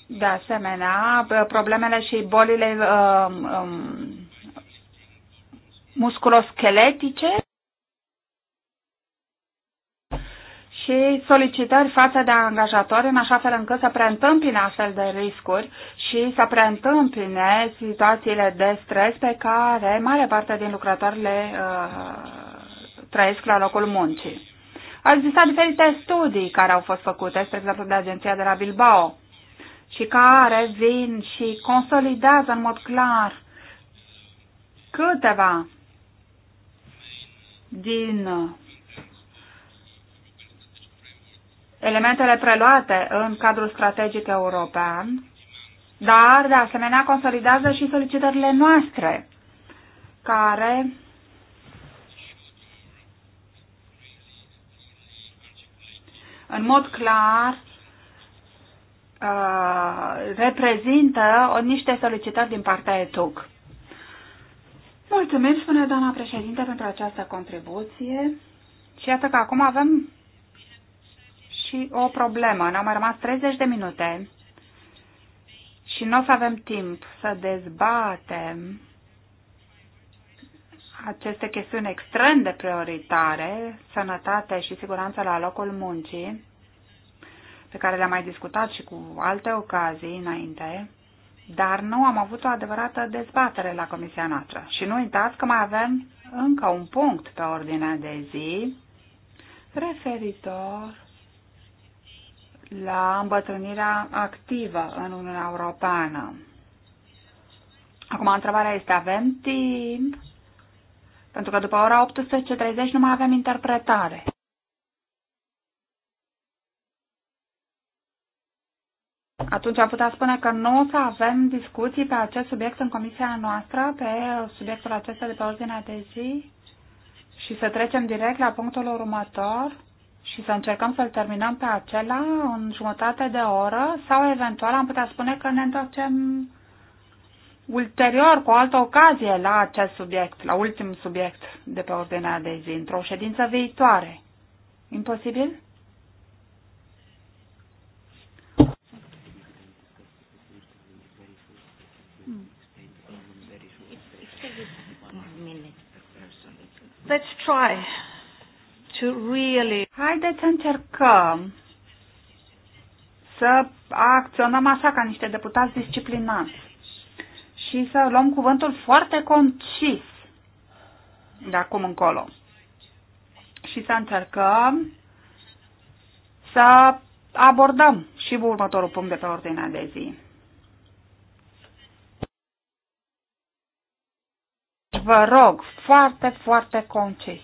De asemenea, uh, problemele și bolile um, um, musculoscheletice și solicitări față de angajatori în așa fel încât să preîntâmpine astfel de riscuri și să preîntâmpine situațiile de stres pe care mare parte din lucrători le uh, trăiesc la locul muncii. Au existat diferite studii care au fost făcute, spre exemplu de agenția de la Bilbao, și care vin și consolidează în mod clar câteva din elementele preluate în cadrul strategic european, dar, de asemenea, consolidează și solicitările noastre, care în mod clar uh, reprezintă o, niște solicitări din partea ETUC. Mulțumim, spune doamna președinte, pentru această contribuție. Și iată că acum avem și o problemă. Ne-au mai rămas 30 de minute și nu o să avem timp să dezbatem aceste chestiuni extrem de prioritare, sănătate și siguranță la locul muncii, pe care le-am mai discutat și cu alte ocazii înainte, dar nu am avut o adevărată dezbatere la comisia noastră. Și nu uitați că mai avem încă un punct pe ordinea de zi referitor la îmbătrânirea activă în Uniunea Europeană. Acum, întrebarea este, avem timp? Pentru că după ora 18.30 nu mai avem interpretare. Atunci am putea spune că nu o să avem discuții pe acest subiect în comisia noastră, pe subiectul acesta de pe ordinea de zi și să trecem direct la punctul următor și să încercăm să-l terminăm pe acela în jumătate de oră sau eventual am putea spune că ne întoarcem ulterior, cu o altă ocazie, la acest subiect, la ultimul subiect de pe ordinea de zi, într-o ședință viitoare. Imposibil? Let's try to really... Haideți să încercăm să acționăm așa ca niște deputați disciplinați și să luăm cuvântul foarte concis de acum încolo și să încercăm să abordăm și următorul punct de pe ordinea de zi. Vă rog, foarte, foarte concis.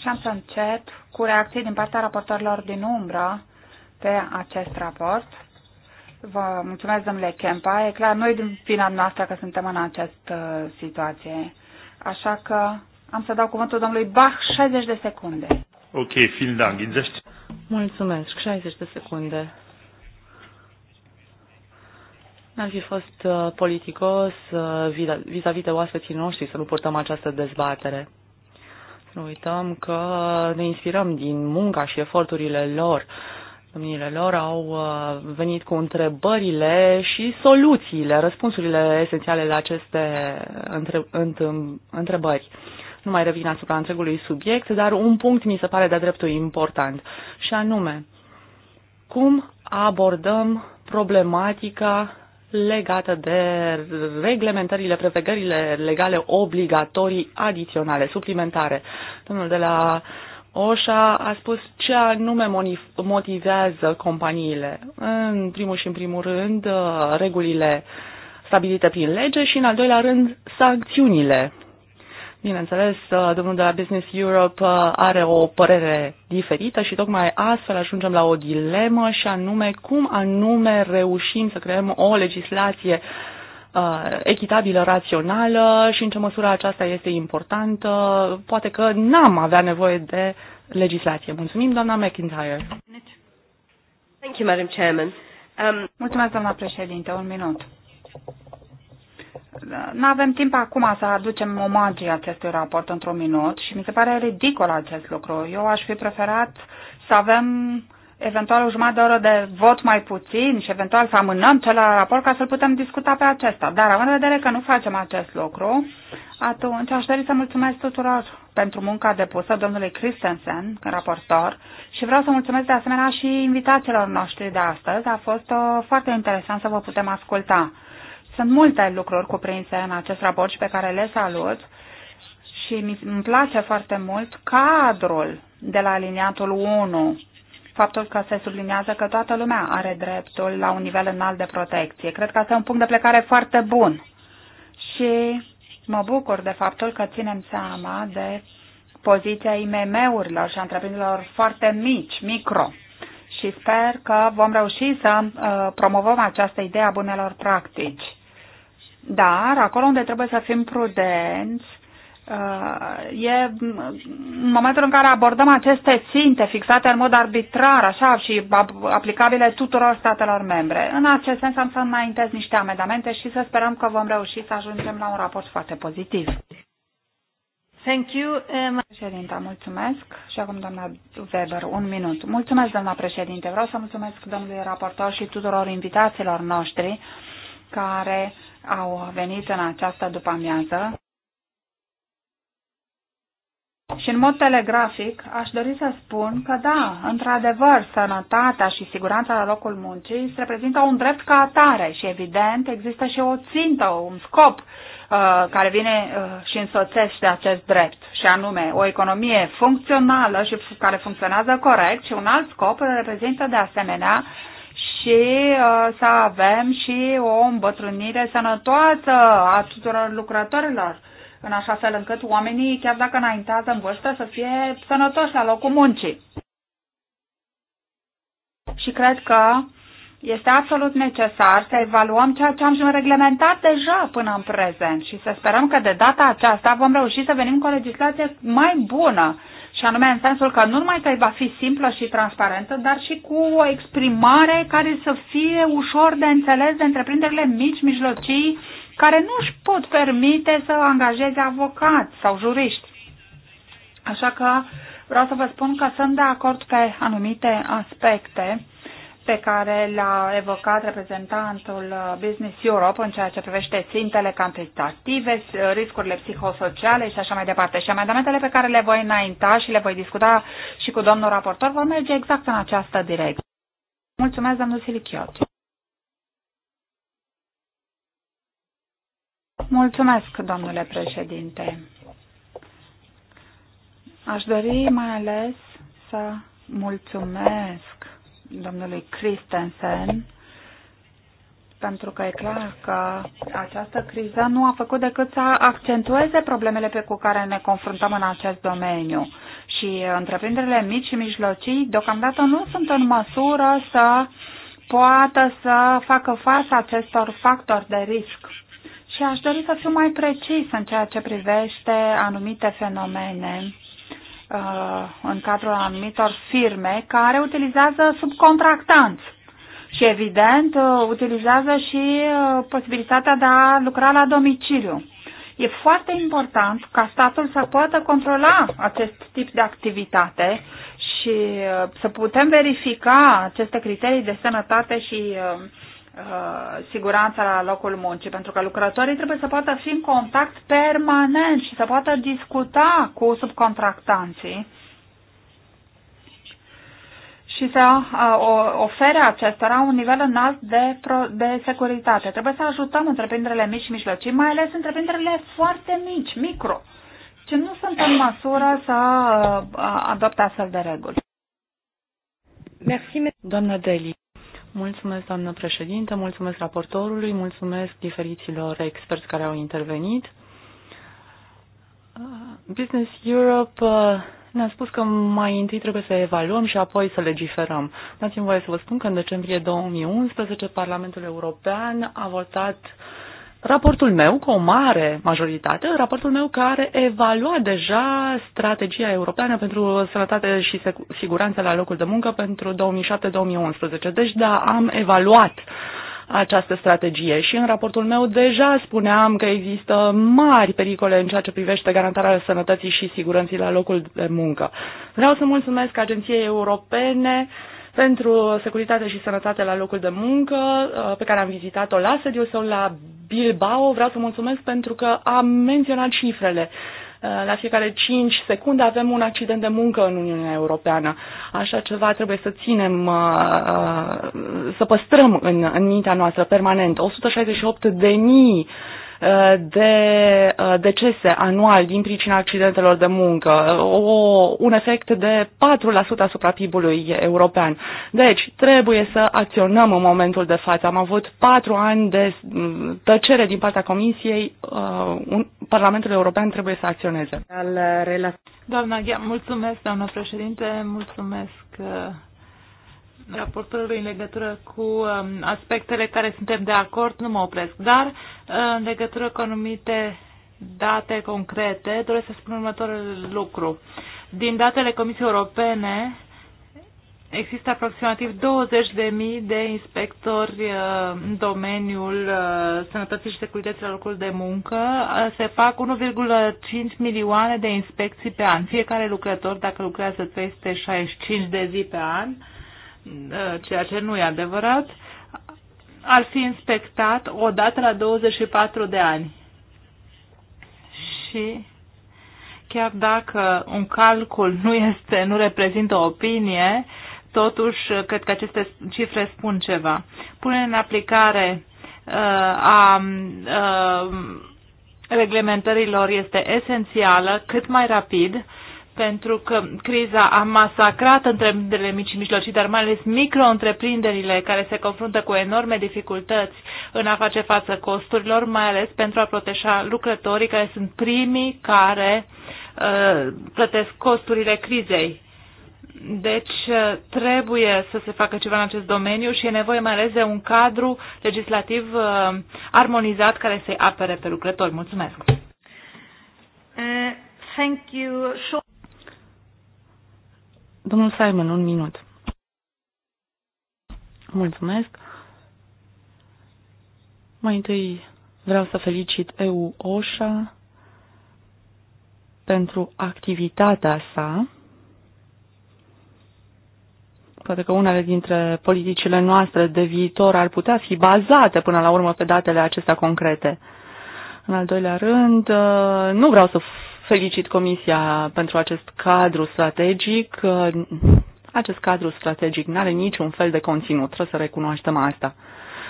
Și am să încep cu reacții din partea raportorilor din umbră pe acest raport. Vă mulțumesc, domnule Cempa. E clar, noi din fina noastră că suntem în această uh, situație. Așa că am să dau cuvântul domnului Bach 60 de secunde. Ok, vielen Dank. Mulțumesc, 60 de secunde. N-ar fi fost uh, politicos uh, vis-a-vis -vis de oaspeții noștri să nu purtăm această dezbatere. Nu uităm că ne inspirăm din munca și eforturile lor. Domniile lor au uh, venit cu întrebările și soluțiile, răspunsurile esențiale la aceste între, întrebări. Nu mai revin asupra întregului subiect, dar un punct mi se pare de-a dreptul important, și anume, cum abordăm problematica legată de reglementările, prevederile legale obligatorii adiționale, suplimentare. Domnul de la Oșa a spus ce anume motivează companiile. În primul și în primul rând, uh, regulile stabilite prin lege și, în al doilea rând, sancțiunile Bineînțeles, uh, domnul de la Business Europe uh, are o părere diferită și tocmai astfel ajungem la o dilemă și anume cum anume reușim să creăm o legislație uh, echitabilă, rațională și în ce măsură aceasta este importantă. Poate că n-am avea nevoie de legislație. Mulțumim, doamna McIntyre. Thank you, Madam Chairman. Um... Mulțumesc, doamna președinte. Un minut nu avem timp acum să aducem omagii acestui raport într-un minut și mi se pare ridicol acest lucru. Eu aș fi preferat să avem eventual o jumătate de oră de vot mai puțin și eventual să amânăm celălalt raport ca să-l putem discuta pe acesta. Dar având în vedere că nu facem acest lucru, atunci aș dori să mulțumesc tuturor pentru munca depusă domnului Christensen, raportor, și vreau să mulțumesc de asemenea și invitațiilor noștri de astăzi. A fost uh, foarte interesant să vă putem asculta. Sunt multe lucruri cuprinse în acest raport și pe care le salut și îmi place foarte mult cadrul de la aliniatul 1 faptul că se subliniază că toată lumea are dreptul la un nivel înalt de protecție. Cred că asta e un punct de plecare foarte bun. Și mă bucur de faptul că ținem seama de poziția IMM-urilor și a întreprinderilor foarte mici, micro. Și sper că vom reuși să uh, promovăm această idee a bunelor practici. Dar acolo unde trebuie să fim prudenți uh, e mm, în momentul în care abordăm aceste ținte fixate în mod arbitrar așa și aplicabile tuturor statelor membre. În acest sens am să înaintez niște amendamente și să sperăm că vom reuși să ajungem la un raport foarte pozitiv. Thank you, uh, președinta, mulțumesc. Și acum, doamna Weber, un minut. Mulțumesc, doamna președinte. Vreau să mulțumesc domnului raportor și tuturor invitațiilor noștri care au venit în această după-amiază. Și în mod telegrafic, aș dori să spun că da, într-adevăr, sănătatea și siguranța la locul muncii se reprezintă un drept ca atare și evident există și o țintă, un scop uh, care vine uh, și însoțește acest drept și anume o economie funcțională și care funcționează corect și un alt scop reprezintă de asemenea uh, și uh, să avem și o îmbătrânire sănătoasă a tuturor lucrătorilor, în așa fel încât oamenii, chiar dacă înaintează în vârstă, să fie sănătoși la locul muncii. Și cred că este absolut necesar să evaluăm ceea ce am reglementat deja până în prezent și să sperăm că de data aceasta vom reuși să venim cu o legislație mai bună și anume în sensul că nu numai că va fi simplă și transparentă, dar și cu o exprimare care să fie ușor de înțeles de întreprinderile mici, mijlocii, care nu își pot permite să angajeze avocați sau juriști. Așa că vreau să vă spun că sunt de acord pe anumite aspecte pe care l-a evocat reprezentantul Business Europe în ceea ce privește țintele cantitative, riscurile psihosociale și așa mai departe. Și amendamentele pe care le voi înainta și le voi discuta și cu domnul raportor vor merge exact în această direcție. Mulțumesc, domnul Silichiot. Mulțumesc, domnule președinte. Aș dori mai ales să mulțumesc domnului Christensen, pentru că e clar că această criză nu a făcut decât să accentueze problemele pe cu care ne confruntăm în acest domeniu. Și întreprinderile mici și mijlocii deocamdată nu sunt în măsură să poată să facă față acestor factori de risc. Și aș dori să fiu mai precis în ceea ce privește anumite fenomene Uh, în cadrul anumitor firme care utilizează subcontractanți. Și evident, uh, utilizează și uh, posibilitatea de a lucra la domiciliu. E foarte important ca statul să poată controla acest tip de activitate și să putem verifica aceste criterii de sănătate și Uh, siguranța la locul muncii, pentru că lucrătorii trebuie să poată fi în contact permanent și să poată discuta cu subcontractanții și să uh, ofere acestora un nivel înalt de, de securitate. Trebuie să ajutăm întreprinderile mici și mijlocii, mai ales întreprinderile foarte mici, micro, ce nu sunt în măsură să uh, adopte astfel de reguli. Mersi, doamna Deli. Mulțumesc, doamnă președinte, mulțumesc raportorului, mulțumesc diferiților experți care au intervenit. Uh, Business Europe uh, ne-a spus că mai întâi trebuie să evaluăm și apoi să legiferăm. Dați-mi voie să vă spun că în decembrie 2011 Parlamentul European a votat uh, raportul meu, cu o mare majoritate, raportul meu care evalua deja strategia europeană pentru sănătate și siguranță la locul de muncă pentru 2007-2011. Deci, da, am evaluat această strategie și în raportul meu deja spuneam că există mari pericole în ceea ce privește garantarea sănătății și siguranței la locul de muncă. Vreau să mulțumesc Agenției Europene pentru securitate și sănătate la locul de muncă, uh, pe care am vizitat-o la sediul său la Bilbao. Vreau să mulțumesc pentru că am menționat cifrele. Uh, la fiecare 5 secunde avem un accident de muncă în Uniunea Europeană. Așa ceva trebuie să ținem, uh, să păstrăm în, în mintea noastră permanent. 168 de mii de uh, decese anual din pricina accidentelor de muncă, o, un efect de 4% asupra PIB-ului european. Deci, trebuie să acționăm în momentul de față. Am avut patru ani de mm, tăcere din partea Comisiei. Uh, un, Parlamentul European trebuie să acționeze. Doamna Ghea, mulțumesc, doamna președinte, mulțumesc uh, raportorului în legătură cu um, aspectele care suntem de acord, nu mă opresc, dar uh, în legătură cu anumite date concrete, doresc să spun următorul lucru. Din datele Comisiei Europene, Există aproximativ 20.000 de inspectori uh, în domeniul uh, sănătății și securității la locul de muncă. Se fac 1,5 milioane de inspecții pe an. Fiecare lucrător, dacă lucrează 365 de zi pe an, da, ceea ce nu e adevărat, ar fi inspectat o dată la 24 de ani. Și chiar dacă un calcul nu este, nu reprezintă o opinie, totuși cred că aceste cifre spun ceva. Pune în aplicare uh, a uh, reglementărilor este esențială cât mai rapid pentru că criza a masacrat întreprinderile mici și mijlocii, dar mai ales micro-întreprinderile care se confruntă cu enorme dificultăți în a face față costurilor, mai ales pentru a proteja lucrătorii care sunt primii care uh, plătesc costurile crizei. Deci uh, trebuie să se facă ceva în acest domeniu și e nevoie mai ales de un cadru legislativ uh, armonizat care să-i apere pe lucrători. Mulțumesc! Uh, thank you. Domnul Simon, un minut. Mulțumesc. Mai întâi vreau să felicit EU OSHA pentru activitatea sa. Poate că unele dintre politicile noastre de viitor ar putea fi bazate până la urmă pe datele acestea concrete. În al doilea rând, uh, nu vreau să Felicit Comisia pentru acest cadru strategic. Acest cadru strategic nu are niciun fel de conținut, trebuie să recunoaștem asta.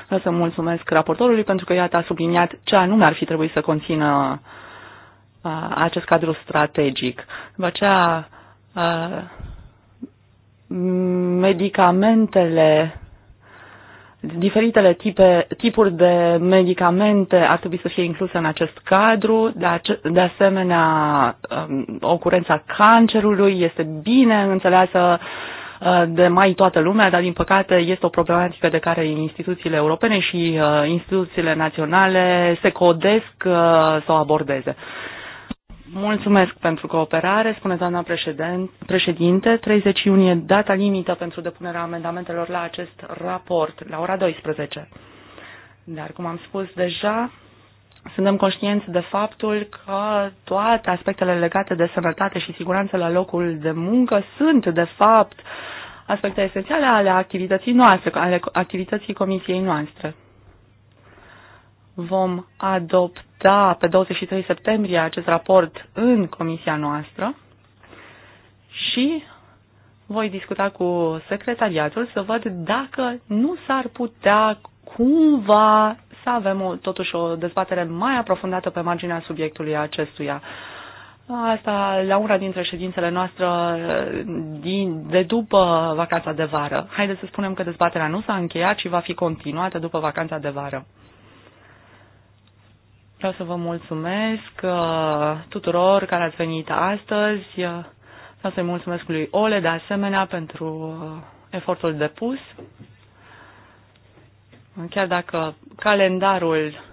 Vreau să mulțumesc raportorului pentru că, iată, a subliniat ce anume ar fi trebuit să conțină acest cadru strategic. După aceea, medicamentele diferitele tipe, tipuri de medicamente ar trebui să fie incluse în acest cadru. De, ace- de asemenea, um, ocurența cancerului este bine înțeleasă uh, de mai toată lumea, dar din păcate este o problematică de care instituțiile europene și uh, instituțiile naționale se codesc uh, să o abordeze. Mulțumesc pentru cooperare, spune doamna președinte. 30 iunie, data limită pentru depunerea amendamentelor la acest raport, la ora 12. Dar, cum am spus deja, suntem conștienți de faptul că toate aspectele legate de sănătate și siguranță la locul de muncă sunt, de fapt, aspecte esențiale ale activității noastre, ale activității comisiei noastre. Vom adopta da pe 23 septembrie acest raport în comisia noastră și voi discuta cu secretariatul să văd dacă nu s-ar putea cumva să avem o, totuși o dezbatere mai aprofundată pe marginea subiectului acestuia. Asta la una dintre ședințele noastre din, de după vacanța de vară. Haideți să spunem că dezbaterea nu s-a încheiat și va fi continuată după vacanța de vară. Vreau să vă mulțumesc uh, tuturor care ați venit astăzi. Uh, vreau să-i mulțumesc lui Ole de asemenea pentru uh, efortul depus. Chiar dacă calendarul,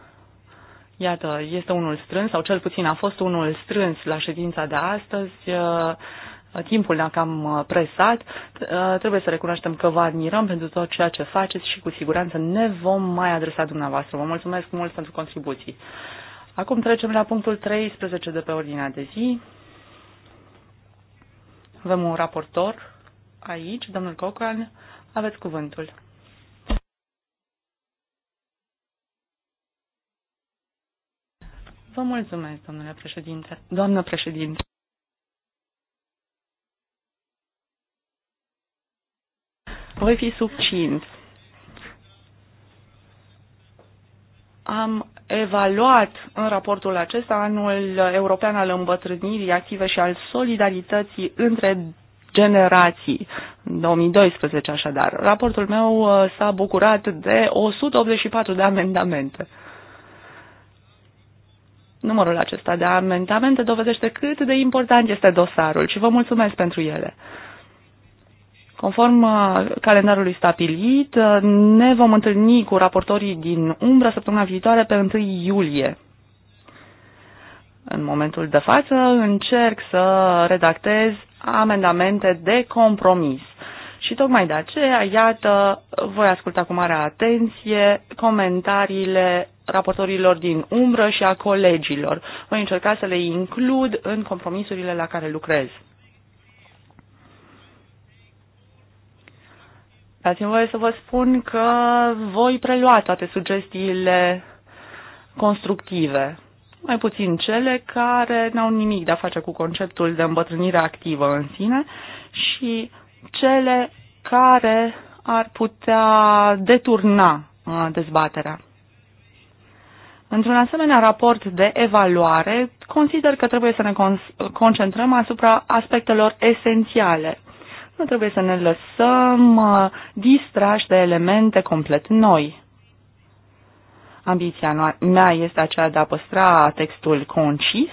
iată, este unul strâns, sau cel puțin a fost unul strâns la ședința de astăzi, Uh, timpul ne-a cam uh, presat. Uh, trebuie să recunoaștem că vă admirăm pentru tot ceea ce faceți și cu siguranță ne vom mai adresa dumneavoastră. Vă mulțumesc mult pentru contribuții. Acum trecem la punctul 13 de pe ordinea de zi. Avem un raportor aici, domnul Cocan. Aveți cuvântul. Vă mulțumesc, domnule președinte. Doamnă președinte. Voi fi subțint. Am evaluat în raportul acesta anul european al îmbătrânirii active și al solidarității între generații, 2012 așadar. Raportul meu uh, s-a bucurat de 184 de amendamente. Numărul acesta de amendamente dovedește cât de important este dosarul și vă mulțumesc pentru ele. Conform uh, calendarului stabilit, uh, ne vom întâlni cu raportorii din umbră săptămâna viitoare pe 1 iulie. În momentul de față încerc să redactez amendamente de compromis. Și tocmai de aceea, iată, voi asculta cu mare atenție comentariile raportorilor din umbră și a colegilor. Voi încerca să le includ în compromisurile la care lucrez. Dați-mi voie să vă spun că voi prelua toate sugestiile constructive, mai puțin cele care n-au nimic de a face cu conceptul de îmbătrânire activă în sine și cele care ar putea deturna uh, dezbaterea. Într-un asemenea raport de evaluare, consider că trebuie să ne concentrăm asupra aspectelor esențiale nu trebuie să ne lăsăm uh, distrași de elemente complet noi. Ambiția mea este aceea de a păstra textul concis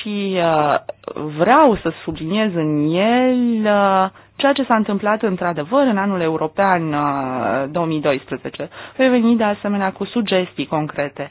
și uh, vreau să subliniez în el uh, ceea ce s-a întâmplat într-adevăr în anul european 2012. Voi veni de asemenea cu sugestii concrete.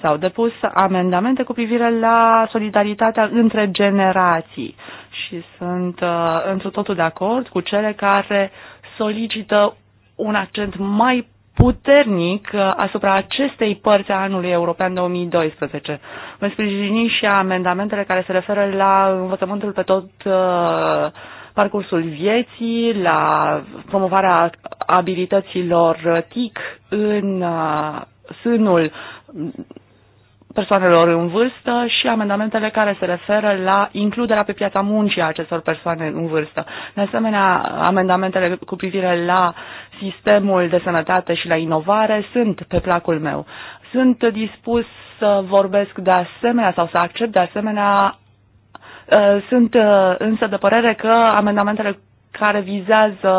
S-au depus amendamente cu privire la solidaritatea între generații și sunt uh, într totul de acord cu cele care solicită un accent mai puternic uh, asupra acestei părți a anului european 2012. Vă sprijini și amendamentele care se referă la învățământul pe tot uh, parcursul vieții, la promovarea abilităților TIC în uh, sânul persoanelor în vârstă și amendamentele care se referă la includerea pe piața muncii a acestor persoane în vârstă. De asemenea, amendamentele cu privire la sistemul de sănătate și la inovare sunt pe placul meu. Sunt dispus să vorbesc de asemenea sau să accept de asemenea ă, sunt ă, însă de părere că amendamentele care vizează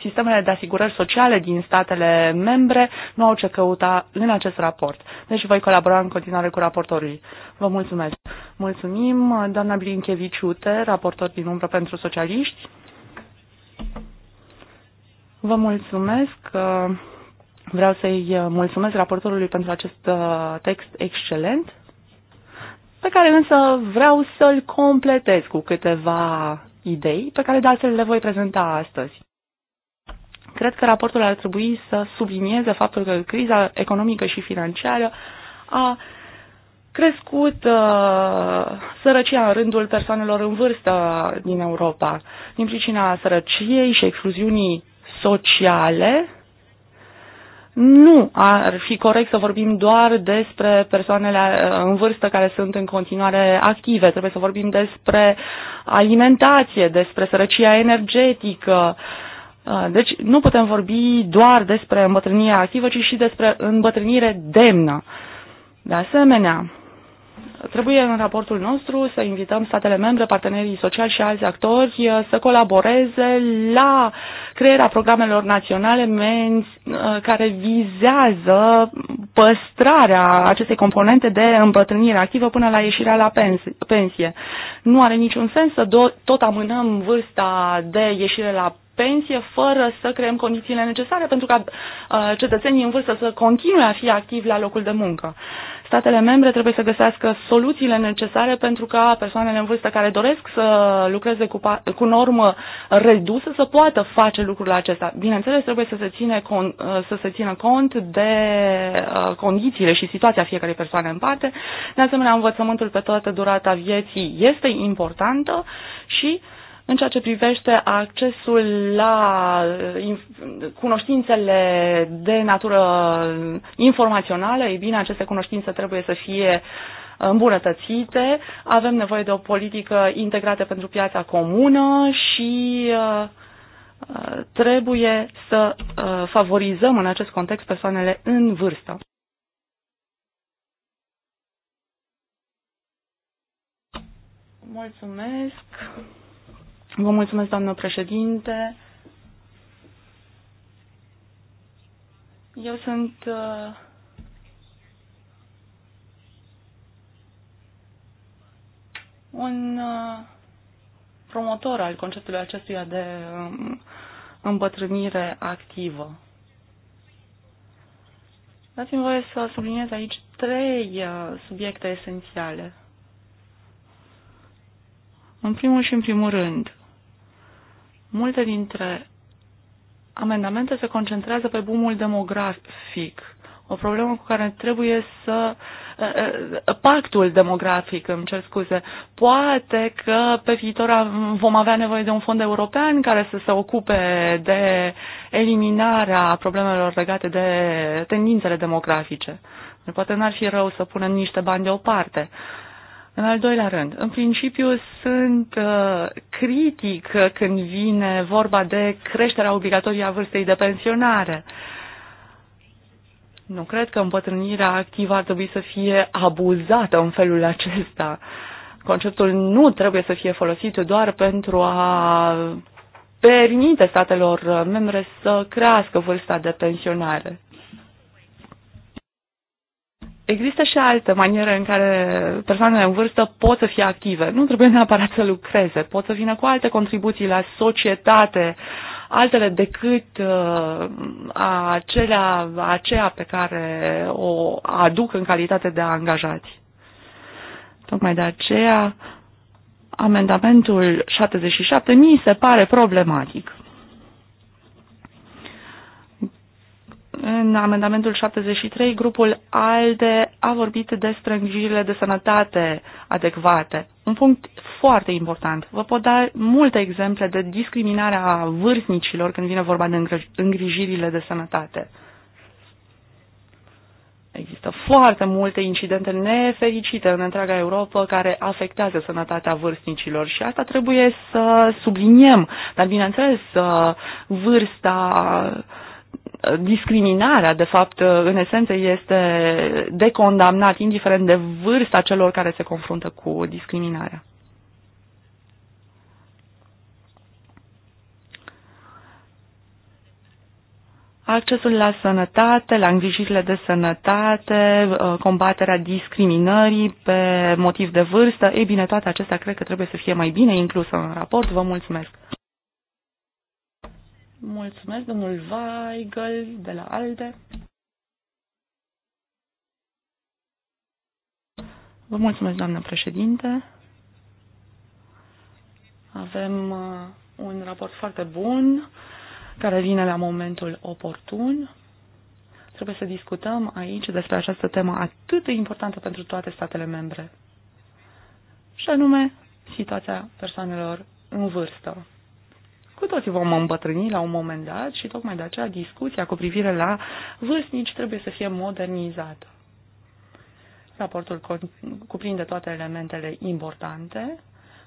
sistemele de asigurări sociale din statele membre nu au ce căuta în acest raport. Deci voi colabora în continuare cu raportorii. Vă mulțumesc. Mulțumim, doamna Blincheviciute, raportor din umbră pentru socialiști. Vă mulțumesc. Vreau să-i mulțumesc raportorului pentru acest uh, text excelent, pe care însă vreau să-l completez cu câteva idei pe care de altfel le voi prezenta astăzi. Cred că raportul ar trebui să sublinieze faptul că criza economică și financiară a crescut uh, sărăcia în rândul persoanelor în vârstă din Europa. Din pricina sărăciei și excluziunii sociale, nu ar fi corect să vorbim doar despre persoanele uh, în vârstă care sunt în continuare active. Trebuie să vorbim despre alimentație, despre sărăcia energetică. Uh, deci nu putem vorbi doar despre îmbătrânire activă, ci și despre îmbătrânire demnă. De asemenea, Trebuie în raportul nostru să invităm statele membre, partenerii sociali și alți actori uh, să colaboreze la crearea programelor naționale uh, care vizează păstrarea acestei componente de îmbătrânire activă până la ieșirea la pensie. Nu are niciun sens să tot amânăm vârsta de ieșire la pensie fără să creăm condițiile necesare pentru ca uh, cetățenii în vârstă să continue a fi activi la locul de muncă. Statele membre trebuie să găsească soluțiile necesare pentru ca persoanele în vârstă care doresc să lucreze cu, cu normă redusă să poată face lucrurile acesta. Bineînțeles, trebuie să se, ține con, uh, să se țină cont de uh, condițiile și situația fiecărei persoane în parte. De asemenea, învățământul pe toată durata vieții este importantă și uh, în ceea ce privește accesul la uh, cunoștințele de natură informațională, ei bine, aceste cunoștințe trebuie să fie îmbunătățite, avem nevoie de o politică integrată pentru piața comună și uh, uh, trebuie să favorizăm în acest context persoanele în vârstă. Mulțumesc! Vă mulțumesc, doamnă președinte. Eu sunt uh, un uh, promotor al conceptului acestuia de um, îmbătrânire activă. Dați-mi voie să subliniez aici trei uh, subiecte esențiale. În primul și în primul rând, Multe dintre amendamente se concentrează pe boomul demografic, o problemă cu care trebuie să pactul demografic, îmi cer scuze. Poate că pe viitor vom avea nevoie de un fond european care să se ocupe de eliminarea problemelor legate de tendințele demografice. Poate n-ar fi rău să punem niște bani deoparte. În al doilea rând, în principiu sunt uh, critic când vine vorba de creșterea obligatorie a vârstei de pensionare. Nu cred că împătrânirea activă ar trebui să fie abuzată în felul acesta. Conceptul nu trebuie să fie folosit doar pentru a permite statelor membre să crească vârsta de pensionare. Există și altă manieră în care persoanele în vârstă pot să fie active. Nu trebuie neapărat să lucreze, pot să vină cu alte contribuții la societate, altele decât uh, acelea, aceea pe care o aduc în calitate de angajați. Tocmai de aceea, amendamentul 77 mi se pare problematic. în amendamentul 73, grupul ALDE a vorbit despre îngrijirile de sănătate adecvate. Un punct foarte important. Vă pot da multe exemple de discriminarea vârstnicilor când vine vorba de îngrijirile de sănătate. Există foarte multe incidente nefericite în întreaga Europa care afectează sănătatea vârstnicilor și asta trebuie să subliniem. Dar, bineînțeles, vârsta discriminarea, de fapt, în esență este de condamnat, indiferent de vârsta celor care se confruntă cu discriminarea. accesul la sănătate, la îngrijirile de sănătate, uh, combaterea discriminării pe motiv de vârstă. Ei bine, toate acestea cred că trebuie să fie mai bine inclusă în raport. Vă mulțumesc! Mulțumesc, domnul Weigel de la ALDE. Vă mulțumesc, doamnă președinte. Avem uh, un raport foarte bun care vine la momentul oportun. Trebuie să discutăm aici despre această temă atât de importantă pentru toate statele membre, și anume situația persoanelor în vârstă. Cu toții vom îmbătrâni la un moment dat și tocmai de aceea discuția cu privire la vârstnici trebuie să fie modernizată. Raportul cuprinde toate elementele importante.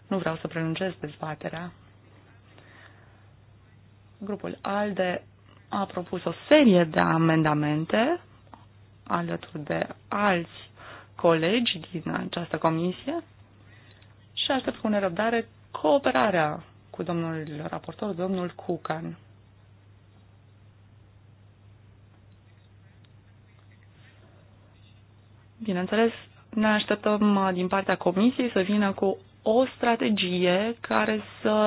Nu vreau să prelungesc dezbaterea. Grupul ALDE a propus o serie de amendamente alături de alți colegi din această comisie și aștept cu nerăbdare cooperarea cu domnul raportor, domnul Cucan. Bineînțeles, ne așteptăm uh, din partea Comisiei să vină cu o strategie care să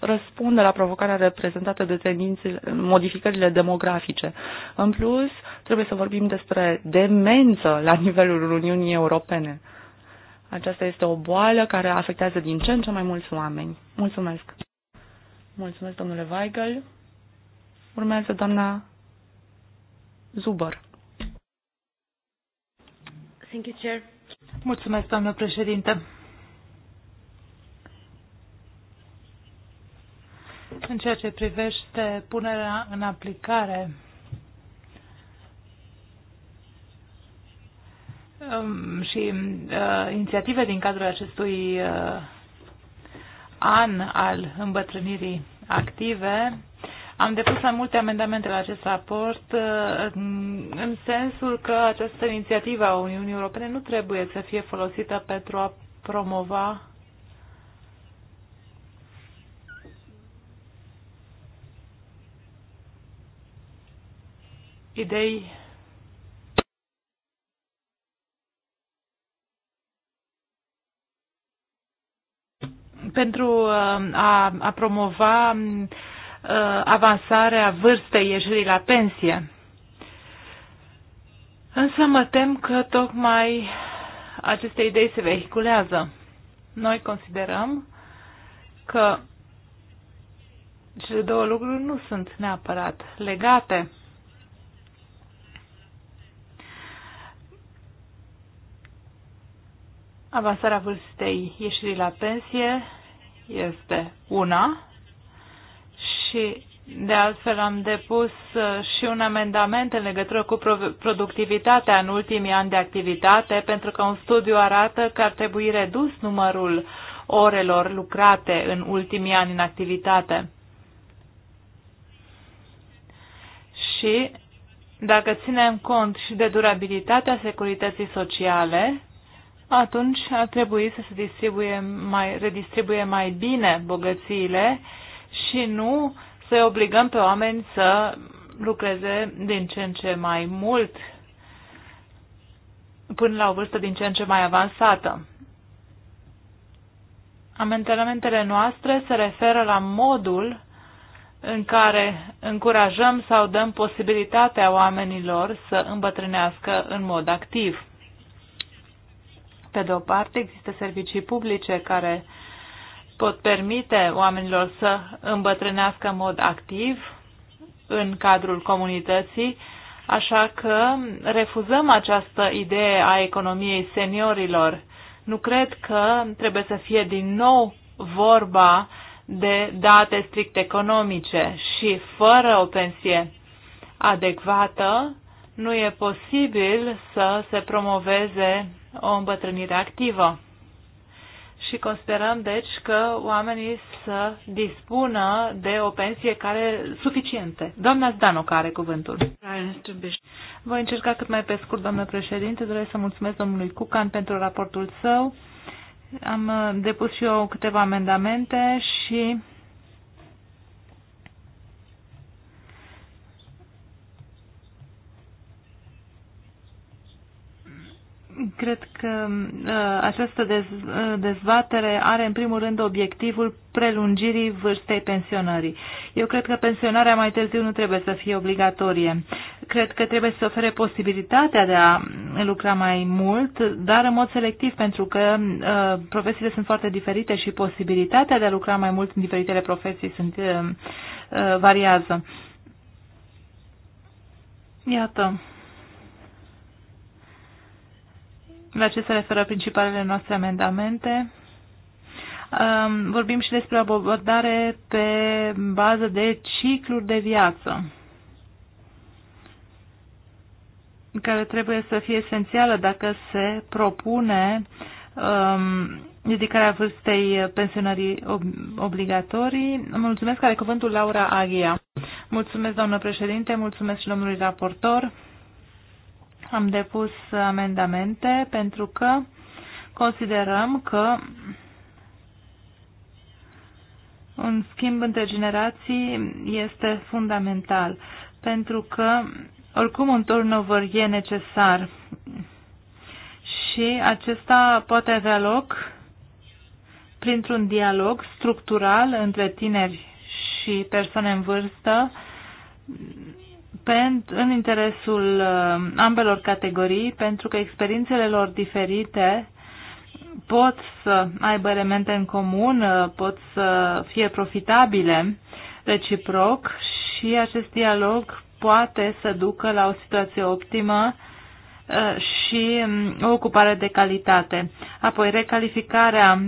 răspundă la provocarea reprezentată de tendințele, modificările demografice. În plus, trebuie să vorbim despre demență la nivelul Uniunii Europene. Uh, aceasta este o boală care afectează din ce în ce mai mulți oameni. Mulțumesc! Mulțumesc, domnule Weigel. Urmează doamna Zubăr. Thank you, Chair. Mulțumesc, doamnă președinte. În ceea ce privește punerea în aplicare Um, și uh, inițiative din cadrul acestui uh, an al îmbătrânirii active. Am depus mai multe amendamente la acest raport uh, în sensul că această inițiativă a Uniunii Europene nu trebuie să fie folosită pentru a promova idei pentru uh, a, a promova uh, avansarea vârstei ieșirii la pensie. Însă mă tem că tocmai aceste idei se vehiculează. Noi considerăm că cele două lucruri nu sunt neapărat legate. Avansarea vârstei ieșirii la pensie este una și de altfel am depus uh, și un amendament în legătură cu productivitatea în ultimii ani de activitate, pentru că un studiu arată că ar trebui redus numărul orelor lucrate în ultimii ani în activitate. Și dacă ținem cont și de durabilitatea securității sociale, atunci ar trebui să se distribuie mai, redistribuie mai bine bogățiile și nu să obligăm pe oameni să lucreze din ce în ce mai mult până la o vârstă din ce în ce mai avansată. Amendamentele noastre se referă la modul în care încurajăm sau dăm posibilitatea oamenilor să îmbătrânească în mod activ. Pe de o parte, există servicii publice care pot permite oamenilor să îmbătrânească în mod activ în cadrul comunității, așa că refuzăm această idee a economiei seniorilor. Nu cred că trebuie să fie din nou vorba de date strict economice și fără o pensie adecvată, nu e posibil să se promoveze o îmbătrânire activă. Și considerăm, deci, că oamenii să dispună de o pensie care suficiente. Doamna Zdanu, care are cuvântul. Voi încerca cât mai pe scurt, doamnă președinte. Doresc să mulțumesc domnului Cucan pentru raportul său. Am depus și eu câteva amendamente și Cred că uh, această dez, uh, dezbatere are în primul rând obiectivul prelungirii vârstei pensionării. Eu cred că pensionarea mai târziu nu trebuie să fie obligatorie. Cred că trebuie să ofere posibilitatea de a lucra mai mult, dar în mod selectiv, pentru că uh, profesiile sunt foarte diferite și posibilitatea de a lucra mai mult în diferitele profesii sunt, uh, uh, variază. Iată. La ce se referă principalele noastre amendamente? Um, vorbim și despre abordare pe bază de cicluri de viață care trebuie să fie esențială dacă se propune um, ridicarea vârstei pensionării obligatorii. Mulțumesc, are cuvântul Laura Aghia. Mulțumesc, doamnă președinte, mulțumesc și domnului raportor am depus amendamente pentru că considerăm că un schimb între generații este fundamental, pentru că oricum un turnover e necesar și acesta poate avea loc printr-un dialog structural între tineri și persoane în vârstă în interesul uh, ambelor categorii, pentru că experiențele lor diferite pot să aibă elemente în comun, uh, pot să fie profitabile reciproc și acest dialog poate să ducă la o situație optimă uh, și um, o ocupare de calitate. Apoi, recalificarea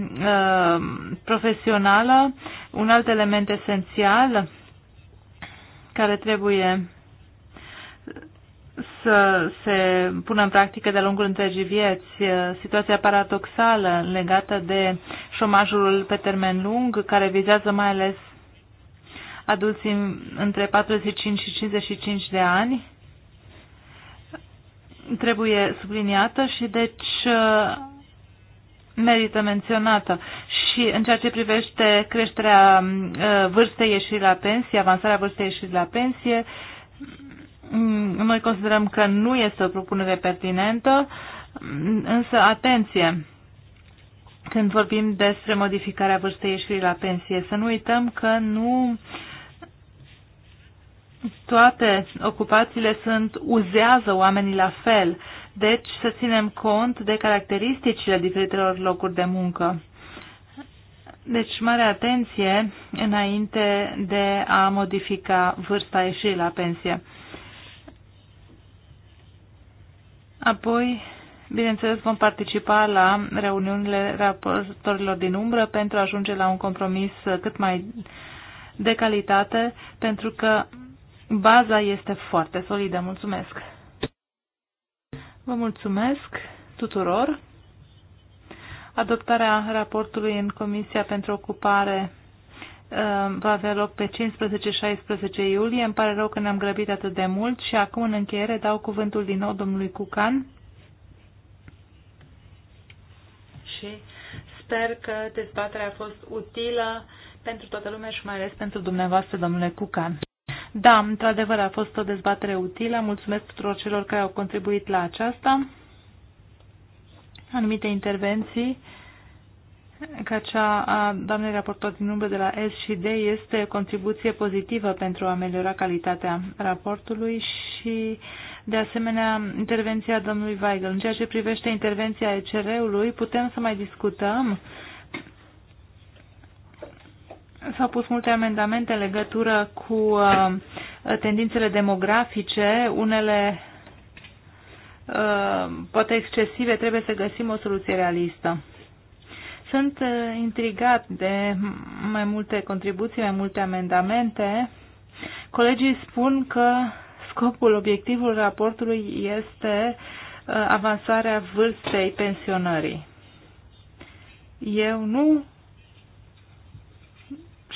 profesională, un alt element esențial care trebuie să se pună în practică de-a lungul întregii vieți. Situația paradoxală legată de șomajul pe termen lung, care vizează mai ales adulții între 45 și 55 de ani, trebuie subliniată și deci merită menționată. Și în ceea ce privește creșterea uh, vârstei ieșirii la pensie, avansarea vârstei ieșirii la pensie, Mm, noi considerăm că nu este o propunere pertinentă, mm, însă atenție! Când vorbim despre modificarea vârstei ieșirii la pensie, să nu uităm că nu toate ocupațiile sunt uzează oamenii la fel, deci să ținem cont de caracteristicile diferitelor locuri de muncă. Deci mare atenție înainte de a modifica vârsta ieșirii la pensie. Apoi, bineînțeles, vom participa la reuniunile raportorilor din umbră pentru a ajunge la un compromis cât mai de calitate, pentru că baza este foarte solidă. Mulțumesc! Vă mulțumesc tuturor! Adoptarea raportului în Comisia pentru Ocupare Ehm, va avea loc pe 15-16 iulie. Îmi pare rău că ne-am grăbit atât de mult și acum în încheiere dau cuvântul din nou domnului Cucan. Și sper că dezbaterea a fost utilă pentru toată lumea și mai ales pentru dumneavoastră, domnule Cucan. Da, într-adevăr a fost o dezbatere utilă. Mulțumesc tuturor celor care au contribuit la aceasta. Anumite intervenții că cea a doamnei raportor din umbră de la S și D este contribuție pozitivă pentru a ameliora calitatea raportului și de asemenea intervenția domnului Weigel. În ceea ce privește intervenția ECR-ului, putem să mai discutăm. S-au pus multe amendamente în legătură cu uh, tendințele demografice, unele uh, poate excesive, trebuie să găsim o soluție realistă. Sunt uh, intrigat de mai multe contribuții, mai multe amendamente. Colegii spun că scopul, obiectivul raportului este uh, avansarea vârstei pensionării. Eu nu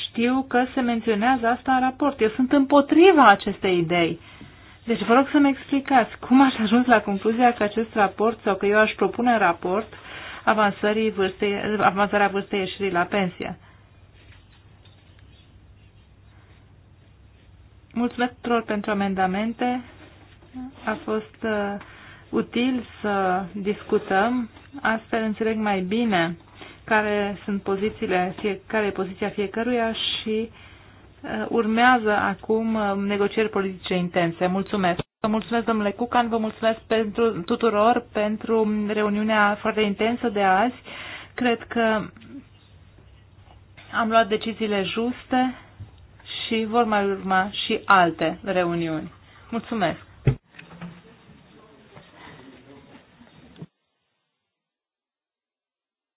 știu că se menționează asta în raport. Eu sunt împotriva acestei idei. Deci vă rog să-mi explicați cum aș ajuns la concluzia că acest raport sau că eu aș propune raport uh, avansării vârstei, avansarea vârstei ieșirii la pensie. Mulțumesc tuturor pentru amendamente. A fost uh, util să discutăm, astfel înțeleg mai bine care sunt pozițiile, fie, care e poziția fiecăruia și uh, urmează acum uh, negocieri politice intense. Mulțumesc! Vă mulțumesc, domnule Cucan, vă mulțumesc pentru, tuturor pentru reuniunea foarte intensă de azi. Cred că am luat deciziile juste și vor mai urma și alte reuniuni. Mulțumesc!